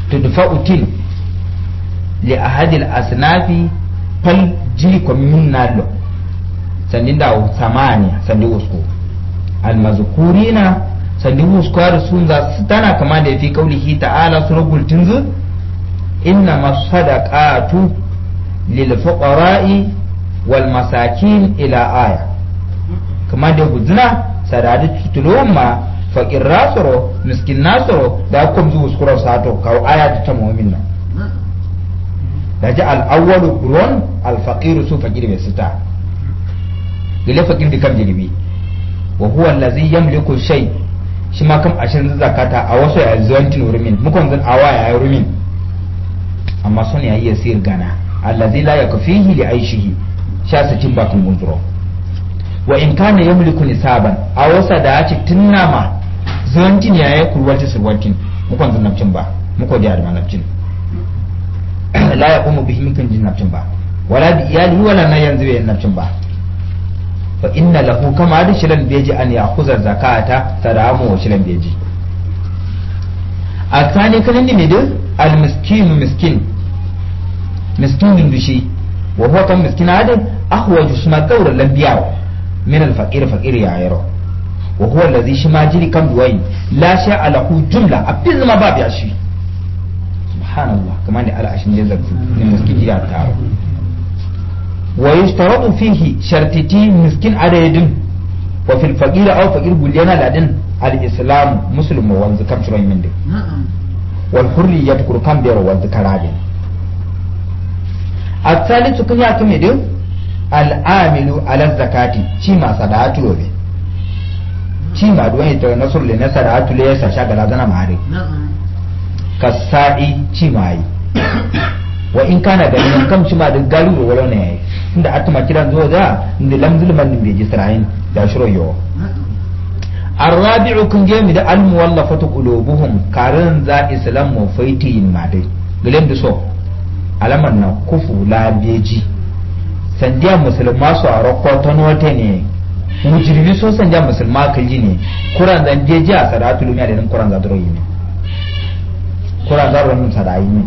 tudfa util li ahadil asnafi fal ji ko minna lo sandin da samani sandin usko al mazkurina sandin usko sun za tana kama da fi kaulihi ta'ala surul masu inna lil fuqara'i wal masakin ila aya kuma da gudna sadadi tutuloma fakir rasoro miskin nasoro da kuma zuwa skuro sato kawo aya da ta mu'min nan da ji al-awwalu qurun al-faqiru sita gile fakir kam jirbi wa huwa allazi yamliku shay shi ma kam zakata a wasu ya zuwantin rumin mukan zan awa ya rumin amma sun yayi yasir gana allazi la yakfihi li aishihi sha su cin bakun unzuro wa in kana yamliku nisaban a wasa da ci tunna ma zuwancin yaya kurwalti surwaltin mukon zanabcin ba ko da almanabcin la yaqumu bihi minkan jinabcin ba wala bi iyali wala na yanzu yayin nabcin ba fa inna lahu kama da shilan beji an yakuza zakata sadamu wa shilan beji a tsane kanin ne da almiskin miskin مسكين بشي وهو طم مسكين عدم أخوة شما كورا لم بيعو من الفقير فقير يا عيرو وهو الذي شما جري كم دوين لا شاء له جملة أبيز ما باب يعشي سبحان الله كمان على عشان جزب المسكين جري عتارو ويشترط فيه شرطتي مسكين عدد وفي الفقير أو فقير بلينا لدن الإسلام مسلم وانزكام شرين من دي نعم. والحرية كم بيرو وانزكار عدد الثالث كما كم يدو العامل على الزكاة شما صدعات لوبي شما دوين يتنصر لنا صدعات ليسا شاقل هذا معاري كالسائي شما أي وإن كان غنيا كم شما دقالوا ولو نهي inda aka maki dan zuwa da inda lamzul man bai ji sarayin da shiro yawa arrabi'u kun je mi da almuwallafatu qulubuhum karan za islam wa faiti ma dai gilen so alaman na kufu labeji sandiya musulma su a rokko ta nota ne mujirbi sun sandiya musulma kalji ne kuran zan beji a sadatu lumiya da kuran za duro yi ne kuran za ruwan sada yi ne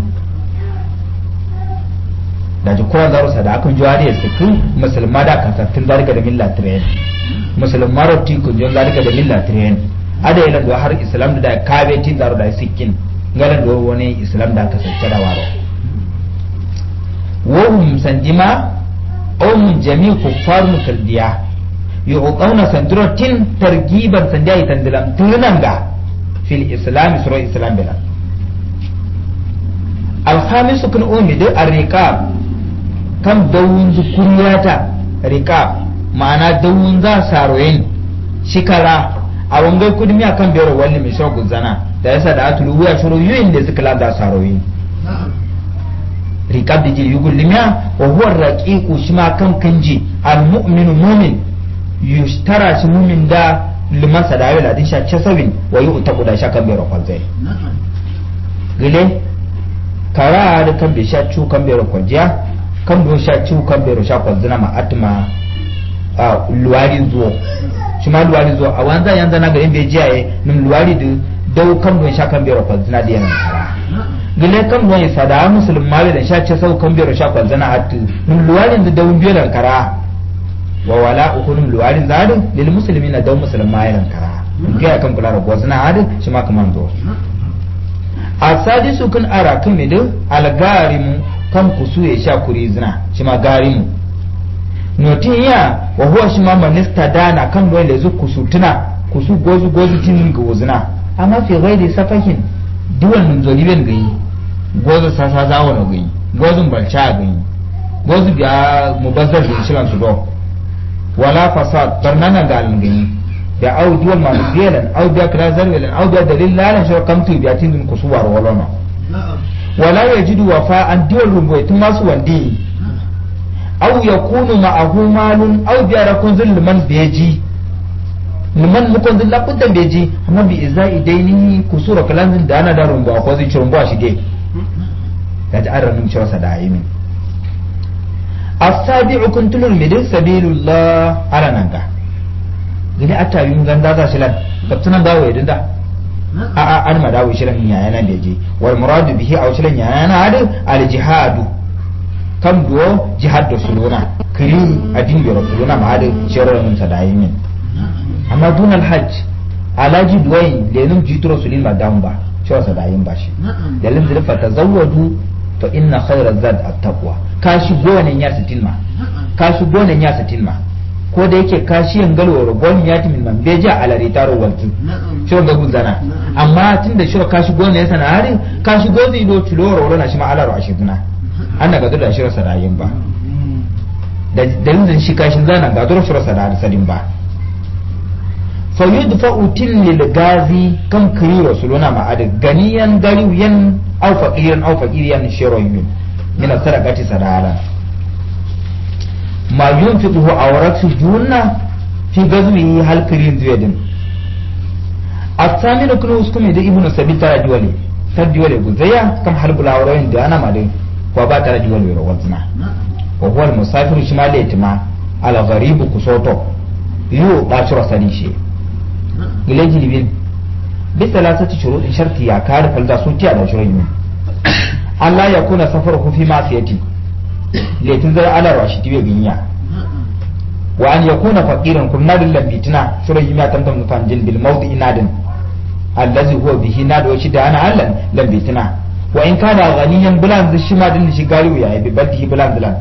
da ji kuran za ruwan sada akan juwa da yasikin musulma da kasattun zarika da milla tirayen musulma rotti kun jon zarika da milla tren ada yi da har islam da kabe ti zaro da sikin ganin da wani islam da kasance da waro وهم سندما أم جميع كفار مسلديا يعطون سندرة ترغيبا سنديا تندلم تلنمغا في الإسلام سورة الإسلام بلا الخامس كن أمي دو الرقاب كم دون ذكرياتا رقاب معنى دون ذا ساروين شكرا a wangar kudumi a kan biyar wani mai shagun zana da yasa da atulu wuya shuru yuyin da suka lada saroyi riqab yi gullumiya wa huwa shi shima kan kanji al mu'minu mu'min tara shi mu'min da liman sadawi ladin sha sabin wa sha da bai rakon zai gile kara da kan bai sha chu kan rakon jiya kan bai sha chu kan bi sha kolzina ma a luwari zuwa ma luwari zuwa a wanzan yanzu na garin bai jiyaye nun luwari da dau kan bai sha kan rakon zina da yana kara gina kam mai sada musulmare da sha ce sau kan biyar sha na hatu nun luwarin da dawun biyar kara wa wala uhunum luwarin zadu lil na daw musulmare nan kara gaya kan kula da bozna hadu shi ma kaman sadi su kun ara kan midu algarimu kan kusu ya sha kuri zina shi ma garimu notin ya wa huwa shi ma minista dana kan da zu kusu tuna kusu gozu gozu tinin ga wuzna amma fi ghairi safahin duwan zoliben gayi gozu sasa za na gani gozu balcha a gani gozu biya mubazzar da shi su do wala fasa barnana ga gani da auduwa masu biyalan auduwa kira zarwelan da dalil lalan shi kamtu biya wa kusuwar walona wala ya jidu wafa an diwar rumbuwa tun masu wandi au ya kunu ma a malun au biya rakun zin liman ji liman mukon zin lakutan ji amma bi izai dainihi kusura kalanzin da ana da rumbuwa ko zai ci rumbuwa shige يجعل شو سدائمين السابع كنت للمدن سبيل الله على نانكا gani a tayin ganda za shi lan kaftunan dawo ya dinda a a an ma dawo shirin yayana da je wal muradu bihi aw shirin yayana adu al jihadu kam duwo jihad da suluna kiri adin bi rasuluna ma adu shirin sadayimin amma dun al hajj alaji duwai lenin jitu rasulin ma dan ba cewa sadayin ba shi dalil da fa tazawwadu to inna khairar zad attaqwa ka shi gonan ya sitin ma ka shi gonan ya sitin ma ko da yake ka shi yangal wa gonan ya timin man beja ala ritaro walju shi ga gunzana amma tunda shi ka shi gonan ya sanari ka shi gozi do roro na shi ma ala ro ashiduna an daga da shi rasa ba da dalilin shi kashin zana ga dole shi rasa ba fa yudfa'u lil gazi kan kiri rasuluna ad ganiyan gariyan aw faqiran aw faqiriyan shirayun min sadaqati sadara ma yunfiquhu awratu junna fi gazmi hal kirin da الثامن كل وسكم يد ابن سبيل ترى جوالي ترى جوالي قزيا كم حرب الأوراين دي أنا مالي وابا ترى جوالي روزنا وهو المسافر شمال يتما على غريب كسوتو يو باشر سنيشي ila jilbin bi salasati shuruti sharti ya kare falza sun tiya da shirin yi Allah ya kuna safar kufi masu yati laifin zai ala wa shi tibe binya wa an ya kuna fakirin kuma nadin lambitina shirin yi mata tamtam nufan jin bil mawdi inadin allazi huwa bihi nadu shi da ana allan lambitina wa in kana ghaniyan bulan zai shi madin shi gari wa yayi bi baddi bulan bulan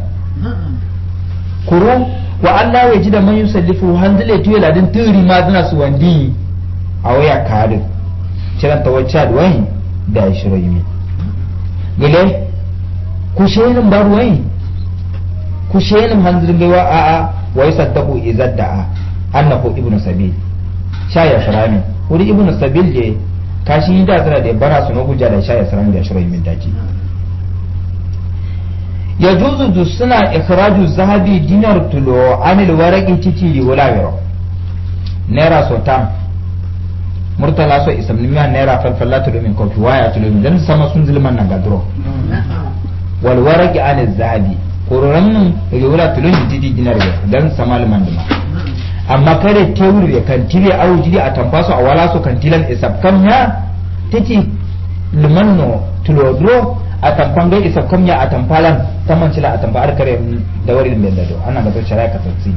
kuro wa Allah ya ji da man yusallifu handle to yala din turi ma dana su wandi a waya kare ciran tawacca da wani da shiro yimi gele ku shenin bar wani ku shenin handle wa a a wai saddaku izadda a. annahu ibnu sabil sha ya sharami wuri ibnu sabil je kashi da zara da bara su no guja da sha ya sharami da shiro yimi daji يجوز تسنى إخراج الذهب دينار تلو عن الورق تتي ولا يرى نيرا سوتام murtala so isam نميها نيرا naira تلو من كوفي kofi تلو من جنس سما sama sun zulman na عن wal قررن an zabi kororan nan riwala ta domin didi dinar amma kare tewur ya kan tire aru jidi a tambasu a wala so kan tilan isab kam ya take limanno tulodro a tamfan gai isa kwamya a tampalan tamman cila a tamfa tampa arkare da wari da lado ana matar shari'a ka tsatsi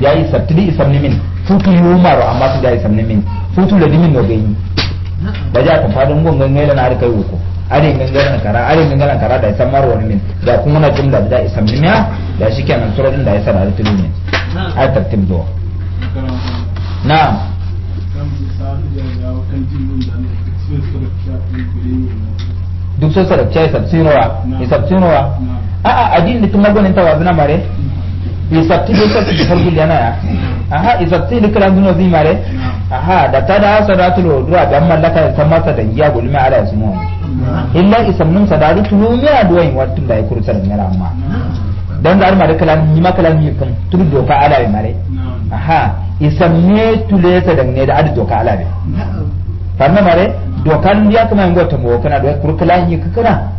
ya yi sabtili isam nimin futu yi umaru amma su da yi isam nimin futu da nimin no gani da ja tampa don gongan gaila na arkare uku arin gangaren kara arin gangaren kara da isan marwa min da kuma na jumla da isam nimiya da shi kenan suradin da ya sana da tulumin a tartim zuwa na'am kan bisa ya kan jin da ne sai duk sarabci ya sabsinowa ya sabsinowa a a ajin da tun magonin ta wazina mare ya sabti da sabti fargu yana ya aha ya sabti da kala duno zi mare aha da ta da da tulo duwa da mallaka ta masa da ya gulma ala yasmu illa isamnun sadatu tulu miya duwain wattun da ya kurtar mera amma dan da arma da kala ni ma kala ni kan turu doka ala mare aha isamne tuleta da ne da adu doka ala ne fanna mare dokan ya kuma yin gwata mawa kana da kuru kala yi kana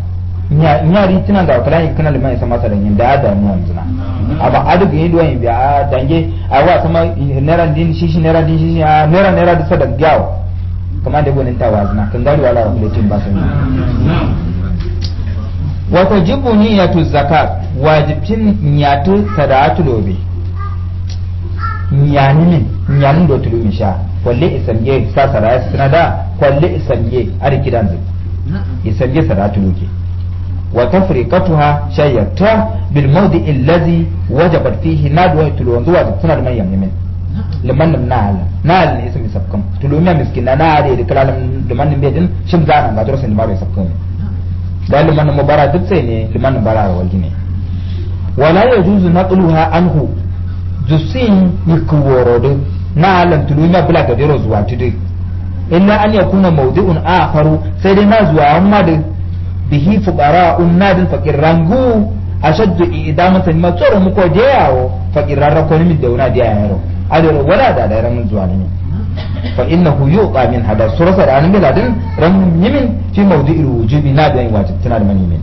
nya tina ga kala yi kana lima isa masa da yin da da mu yanzu na aba adu ga yido yin biya dange wa sama nera din shi shi nera din shi shi nera nera da sada gawo kuma da gonin ta wazna kan gari wala ku da cin ba sun wa tu niyatu wajibcin ya tu sadatu lobe nyanin nyanin do tulumi sha. kwalle isamge sa saraya su na da kwalle isamge a da kidan zai isamge saratu muke wa ta firikatu ha shayyarta bil maudi illazi waje barfihi na duwa tulu wanzu wa zai suna da manyan yamin limanin na na'ala ne isami sabkan tulu miya miskin na na'ala ya dukkan alamun limanin bai din shin za a sani sun limanin sabkan ne da limanin mubara duk sai ne limanin bara a wajen ne wala ya juzu na tuluha anhu jusin yi kuworo duk ما علمت لو ما بلا تدير زوان تدي إلا أن يكون موضع آخر سيدنا زوان مد به فقراء ناد فقرانغو أشد إدامة ما تصور مكو دياو فقرار كون من دونا دياو أدر ولا دا دا رمز زوانين فإنه يوقع من هذا سورة الآن ملادن رمز يمين في موضع الوجوب ناد يعني واجب تناد من يمين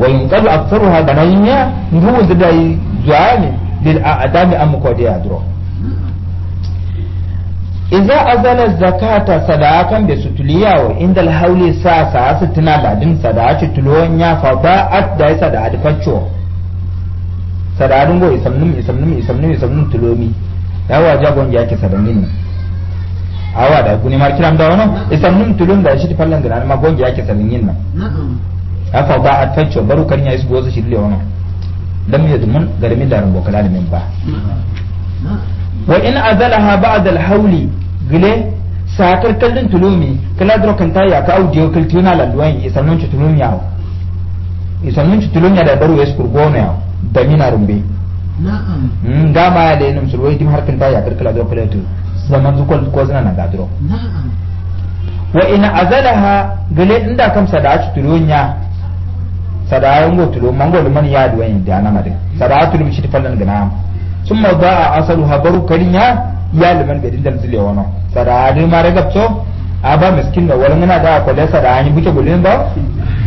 وينقل أكثرها دنايا نروز داي زوانين للأعدام أم كو دياو iza azala zakata sadaqan bi sutuliya wa inda hauli sa sa sutuna ladin sadaci tulon ya fa ba at da sada da faccio sadadun go isamnum isamnum isamnum isamnum tulomi yawa jagon yake sadannin awa da guni mar kiram da wono isamnum tulon da shi ta fallan gana ma gonje yake sadannin nan afa ba at baro barukan ya isgo su shirle wono dan yadmun garmin da ran bokala min ba wa in azalaha ba'da alhawli gile sa kallin tulumi kala dro kan ta hmm, ya ka audio kaltuna tuna la duwan isa non tulumi yawo isa ci tulumi da baro yes kurgona yawo da mina rumbe na'am mm ga ma da nan musulwai dim har kan ta ya kala dro kala tu zaman zu kol ko zana na ga dro na'am wa in azalaha gile inda kam ci tulunya sadaya ngo tulo mango man ya duwan da na madin sada tulum shi fallan gana summa a asaluha baru karinya yaliman be dindal zile wono sada ni mare gapto aba miskin da wala ngana da ko lesa da anyi buke gulin ba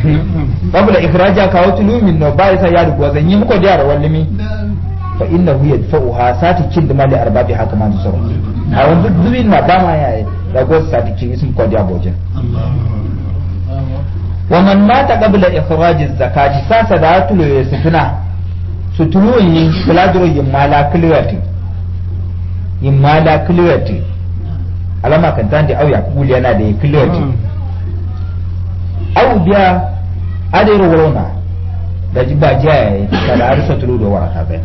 [laughs] babu da ikraja kawo wato lumin no ba isa ya dubo zan yi muko da wallimi fa innahu yadfa'uha kin da mali arbabi haka man zuwa a wanda zubin ma ba ma yayi da go kin ism ko da bojin wa man mata qabla ikhraj az-zakati sasa da tulu yasfina sutulu yin biladru yin mala imma clarity alama kan tanti auya kuli yana da clarity hmm. au biya adairu warona da jiba ta da arsa tulu da waraka bai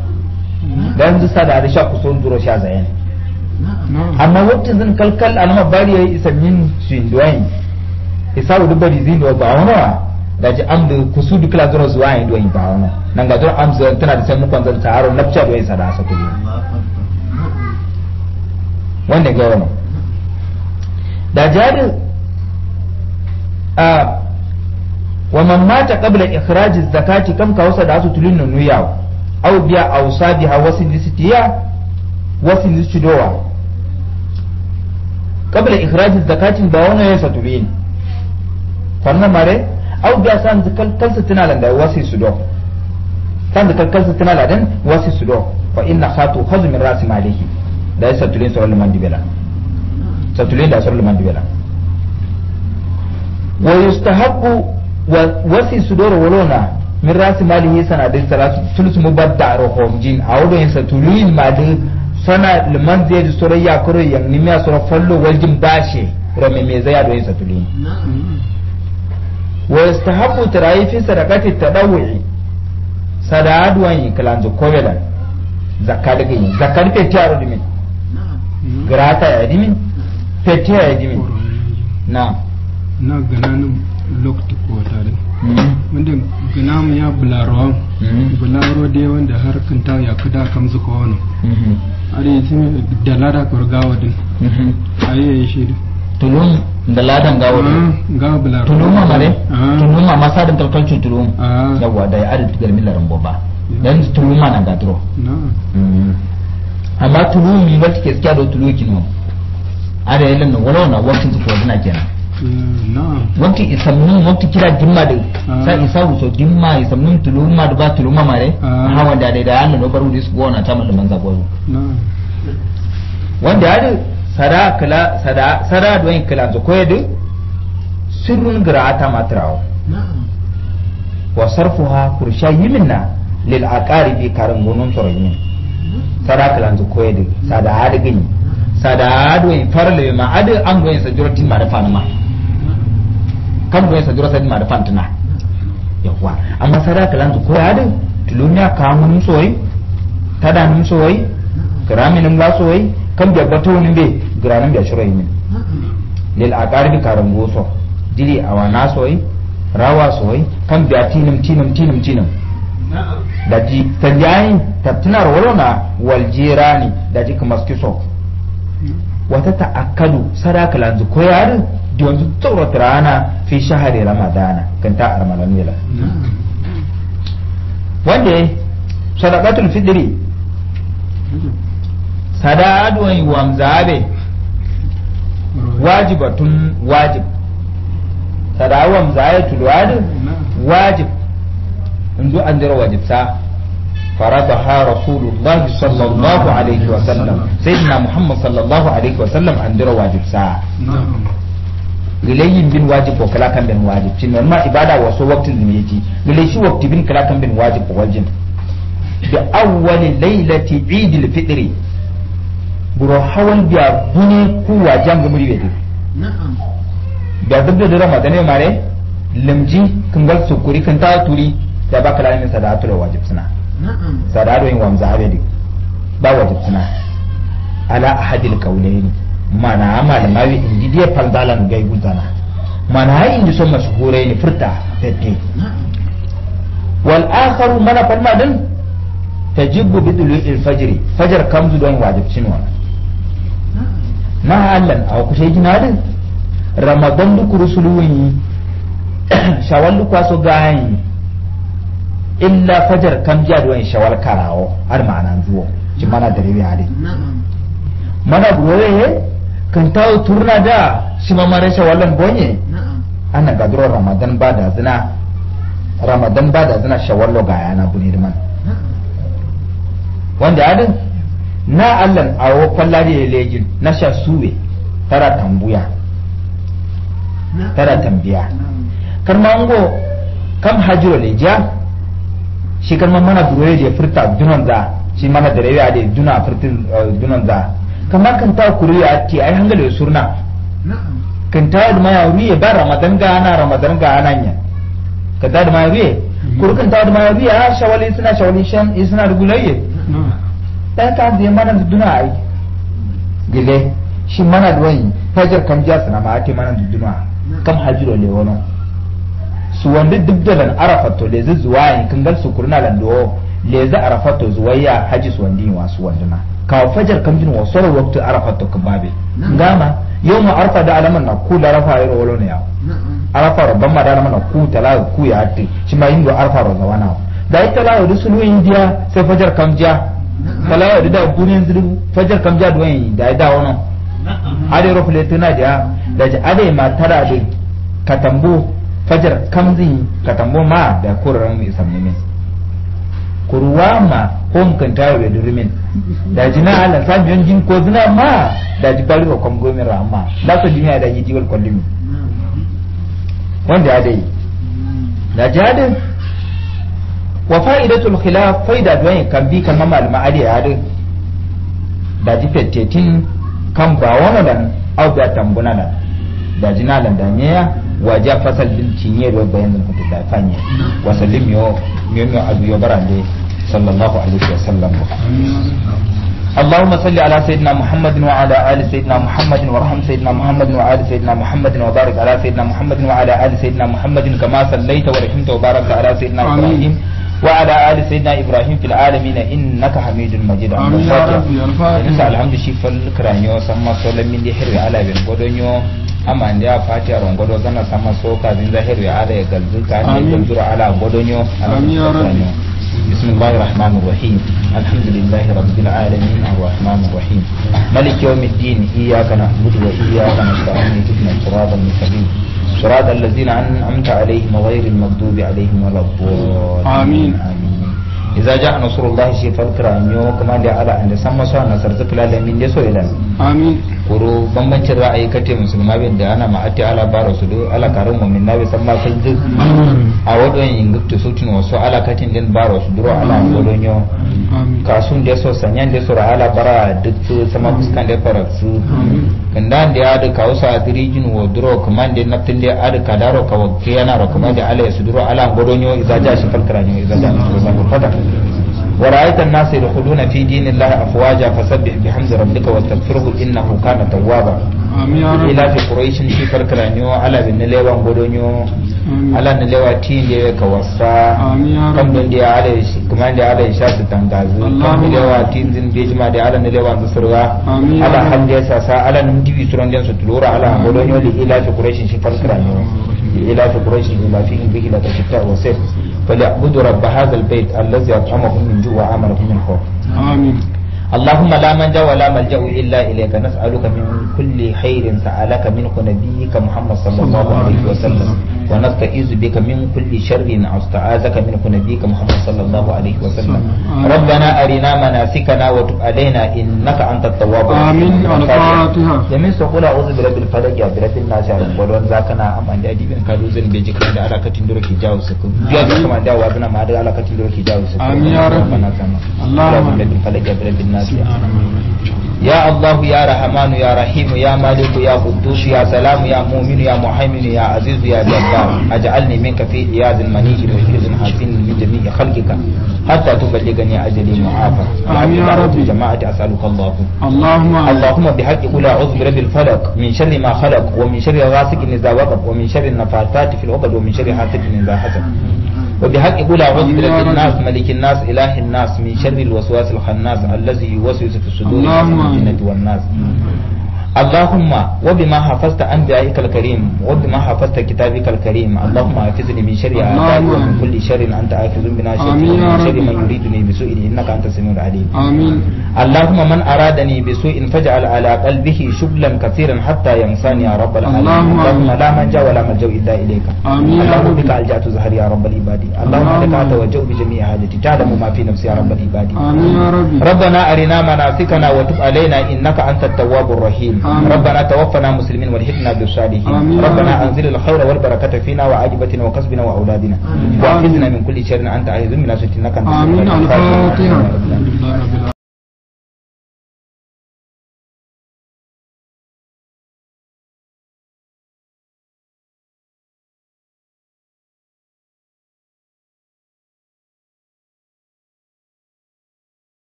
hmm. dan zu sada da sha kusurin duro sha zayen amma waktin zan kalkal alama bari yayi isamin shindwain isa wudu bari zin da ba wona da ji am da kusu duk la zuwa yin doyin ba wona nan ga duro am zan tana da sai mu kwanzan taro na doyin sada sa tulu wanda ya wannan da jarir a wa man mata qabla ikhraj zakati kam ka wasa da su tulin nuya au biya au ausa biha wasil lisitiya wasil lisdowa qabla ikhraj zakati ba wani ya sa tulin fanna mare au biya san zakal kansa tana landa su do san zakal kansa tana ladan su do fa inna khatu khazmin rasim alayhi da ya sɔrɔ lumandi bɛ la satulen da sɔrɔ lumandi bɛ la wa yustahabu wasi sudoro walona min rasi mali yi sana da salatu tulus mu badda jin a awdo yin satulin mali sana liman zai da sura ya kuri ya nimi a sura fallo waljin bashe rami mai zai yadda yin satulin wa yustahabu tarayi fi sadaqati tadawwi sadadu wan yi kalanzu kobela zakka daga yin ke te da mai grata ya dimi fete ya dimi na na gananin lokta kota da hmm. wanda ganamu ya bularawa hmm. bularo da wanda har ta ya kada kam ko wani hmm. are yi sun da lada gawa din a yi ya shi tulum da ladan gawa ah, gawa bularo tuluma mare ah. tuluma masa da tartolcin tulum ah. yawa da ya adin garmin larin boba tulum ma na gadro amma tulu mi wal take skiya do tulu kino ada yelan no wala na wakin ko dina kenan eh, wanti isamnun wanti kira dimma de ah. sa isa wuso dimma isamnun tuluma da ba tuluma mare ah. wanda da da an no baru dis gona ta mun manza boyo wanda ada sara kala sara sara do yin kala zo koyedu sirrun gra'ata matrawo wa sarfuha kursha yiminna lil aqaribi karangunun toroyin sarakilanzu koyedi sada hadigini sada hadwe farle ma adi angwe yin sajura tin ma da fana ma kan gwe sajura sadin ma da fana tana yawa amma sarakilanzu koyedi tulunya kamun soyi tadanum soyi kiraminum la soyi kan biya batawunin be giranin biya shirai min lil aqarbi karango so dili awana soyi rawa soyi kan biya tinum tinum tinum tinum daji tanjayin tabtinar walona waljirani daji kiso wata ta akadu sadaka lanzu koyar di wanzu tsorat rana fi shahari ramadana kan ta armalan yala wanda sadaqatul fidri sadadwai wamzabe wajibatun wajib sadawam zayatul wajib wajib انزو انجر واجب سا فرضها رسول الله صلى الله عليه وسلم سيدنا محمد صلى الله عليه وسلم انجر واجب سا لي بن واجب وكلا كان بن واجب شنو ما عباده وسو وقت الميجي لي شو وقت بن كلا كان بن واجب وجن بأول ليلة عيد الفطر برو حول بيا بني كوا جام غمري بيتي نعم بيا دبدو درا ما تاني ماري لمجي كنغل سكوري كنتا توري ta ba kala min sadatu da wajib suna sadatu yin wamza abedi ba wajib suna ala ahadil qawlaini mana malama wi inji dia pandalan gai gudana mana indi son mashhure ne furta fette wal akharu mana falma din tajibu bi dulul fajr fajar kamzu don wajib wa na halan aw jina din ramadan duk rusuluwi [coughs] shawallu kwaso gayin illa fajar kam da wani shawar karawo har ma'ana zuwa shi mana da rewe hari mana gure he kan tawo turna da shi ma shawar shawalan bonye ana gadro ramadan ba da zina ramadan ba da zina lo ga yana bune da man wanda adin na allan awo kwallari da lejin na sha suwe tara tambuya tara tambiya karmango kam hajiro lejiya. shi kalman mana dure je furta dunan za shi mana da rewa eh, da duna furtin dunan za kamar kan ta kuriya ti ai hangale surna kan ta da maya wiye ba ramadan ga ana ramadan ga ana nya kan ta da maya wiye mhm. kur kan ta da maya wiye a ah, shawali suna shawali shan eh, suna rugulaye ta ka da mana duna ai gile shi mana da wani fajar kam ja sana ma ake mana duna kam hajiro lewono duk suwandi dibdalan arafato lezi zuwayi kangal sukurna lando lezi arafato zuwaya haji suwandi wa suwandina ka fajar kamjin wasu da waktu arafato kababe ngama ma arfa da alaman na ku da rafa yaro wolo ne ya arafa rabban ma da alaman na ku tala ku ya atti shi ma yindo arafa ro zawana da ita la yodi sulu india sai fajar jiya. tala yau da gunin zuru fajar jiya da yin da da wono ade ro fletina da ja ade ma tara de katambo fajar ka katambo ma da kuraran mai samnimin kurwa ma kan tawo be durumin da jina ala sam yon jin ko zina ma da ji bari ko kom gomi rama da so jini da yi jiwal kollimi wanda ya dai da jihadin wa fa'idatul khilaf faida duwan kan bi kan mama al ma'ali ya dai da ji fettetin kan ba wannan au da tambuna da jina lan da meya wa yo اللهم صل على سيدنا محمد وعلى ال سيدنا محمد وارحم سيدنا محمد وعلى سيدنا محمد وبارك على سيدنا محمد وعلى ال سيدنا محمد كما صليت ورحمت وباركت على سيدنا ابراهيم وعلى آل سيدنا إبراهيم في العالمين إنك حميد مجيد آمين يا رب يا رب الحمد شيف الكرانيو سما سولم من دي على بن غدونيو أما أن يا فاتي أرون غدو زنا سما سوكا زين ذهر على غلزل كان غلزل على غدونيو آمين يا رب بسم الله الرحمن الرحيم الحمد لله رب العالمين الرحمن الرحيم ملك يوم الدين إياك نعبد وإياك نستعين اهدنا الصراط المستقيم صراط الذين أنعمت عليهم غير المغضوب عليهم ولا الضالين آمين آمين إذا جاء نصر الله شيء فالكرام يوم كما لعلى أن سمى سوى نصر العالمين يسوع آمين kuro bambancin ra'ayi kace musulma bin da ana ma'ati ala bara su do ala karin mu'min na bi samma sajjid a wadon ingiftu sutin wasu ala katin din bara su duro ala golonyo kasun da so sanyan da sura ala bara duk su sama fuskan da fara su kanda da ya da kausa dirijin wa duro kaman da naftin da ada kadaro ka kiyana ro kaman da ala su duro ala golonyo izaja shi falkara ne izaja ne fata ورأيت الناس يدخلون في دين الله أفواجا فسبح بحمد ربك واستغفره إنه كان توابا إلى في قريش في فرق رانيو على بن ليوا غودونيو على بن ليوا تين دي كوسا كم بن دي على كمان دي على شاس تانغازو كم دي ليوا تين زين بيجما دي على بن ليوا نسروا على حمد ساسا على نمدي بيسرون دي سطلورا على غودونيو إلى في قريش في فرق رانيو إلى في قريش بما فيهم به لا تشتاء وسيف فليعبدوا رب هذا البيت الذي أطعمهم من جوع وعملهم من خوف آمين اللهم لا من جاء ولا ملجا الا اليك نسالك من كل خير سالك منه نبيك محمد صلى الله عليه وسلم ونستعيذ بك من كل شر استعاذك منه نبيك محمد صلى الله عليه وسلم ربنا ارنا مناسكنا وتب علينا انك انت التواب امين الفاتحه جميع سقول اعوذ برب الفلق يا برب الناس ولون ذاكنا ام ان دي بن كالو زين بيجيك كان دا علاقه تندرك جاو سكو بيا كما دا بنا ما دا علاقه تندرك جاو سكو امين يا رب اللهم برب الفلق يا برب الناس يا الله يا رحمن يا رحيم يا مالك يا قدوس يا سلام يا مؤمن يا محيمن يا عزيز يا جبار اجعلني منك في اياد المنيع وشيز حسين من جميع خلقك حتى تبلغني اجلي معافى امين يا رب جماعه اسالك الله اللهم اللهم بحق قل اعوذ برب الفلق من شر ما خلق ومن شر غاسق اذا وقب ومن شر النفاثات في العقد ومن شر حاسد اذا حسد وبحق كل عذرة الناس ملك الناس إله الناس من شر الوسواس الخناس الذي يوسوس في صدور الجنة والناس اللهم وبما حفظت أنبيائك الكريم وبما حفظت كتابك الكريم اللهم حفظني من شر أعدائي ومن كل شر أنت آخذ بنا شر من شر من يريدني بسوء إنك أنت السميع العليم آمين اللهم من أرادني بسوء فاجعل على قلبه شبلا كثيرا حتى ينساني يا رب العالمين اللهم, اللهم لا منجا ولا ملجا إلا إليك آمين اللهم بك ألجأت زهر يا رب العباد اللهم لك أتوجه بجميع حاجتي تعلم ما في نفسي يا رب العباد آمين يا رب ربنا أرنا مناسكنا وتب علينا إنك أنت التواب الرحيم ربنا توفنا مسلمين والحقنا بالصالحين ربنا انزل الخير والبركه فينا وعجبتنا وكسبنا واولادنا واحفظنا من كل شر انت عايز من لا انك انت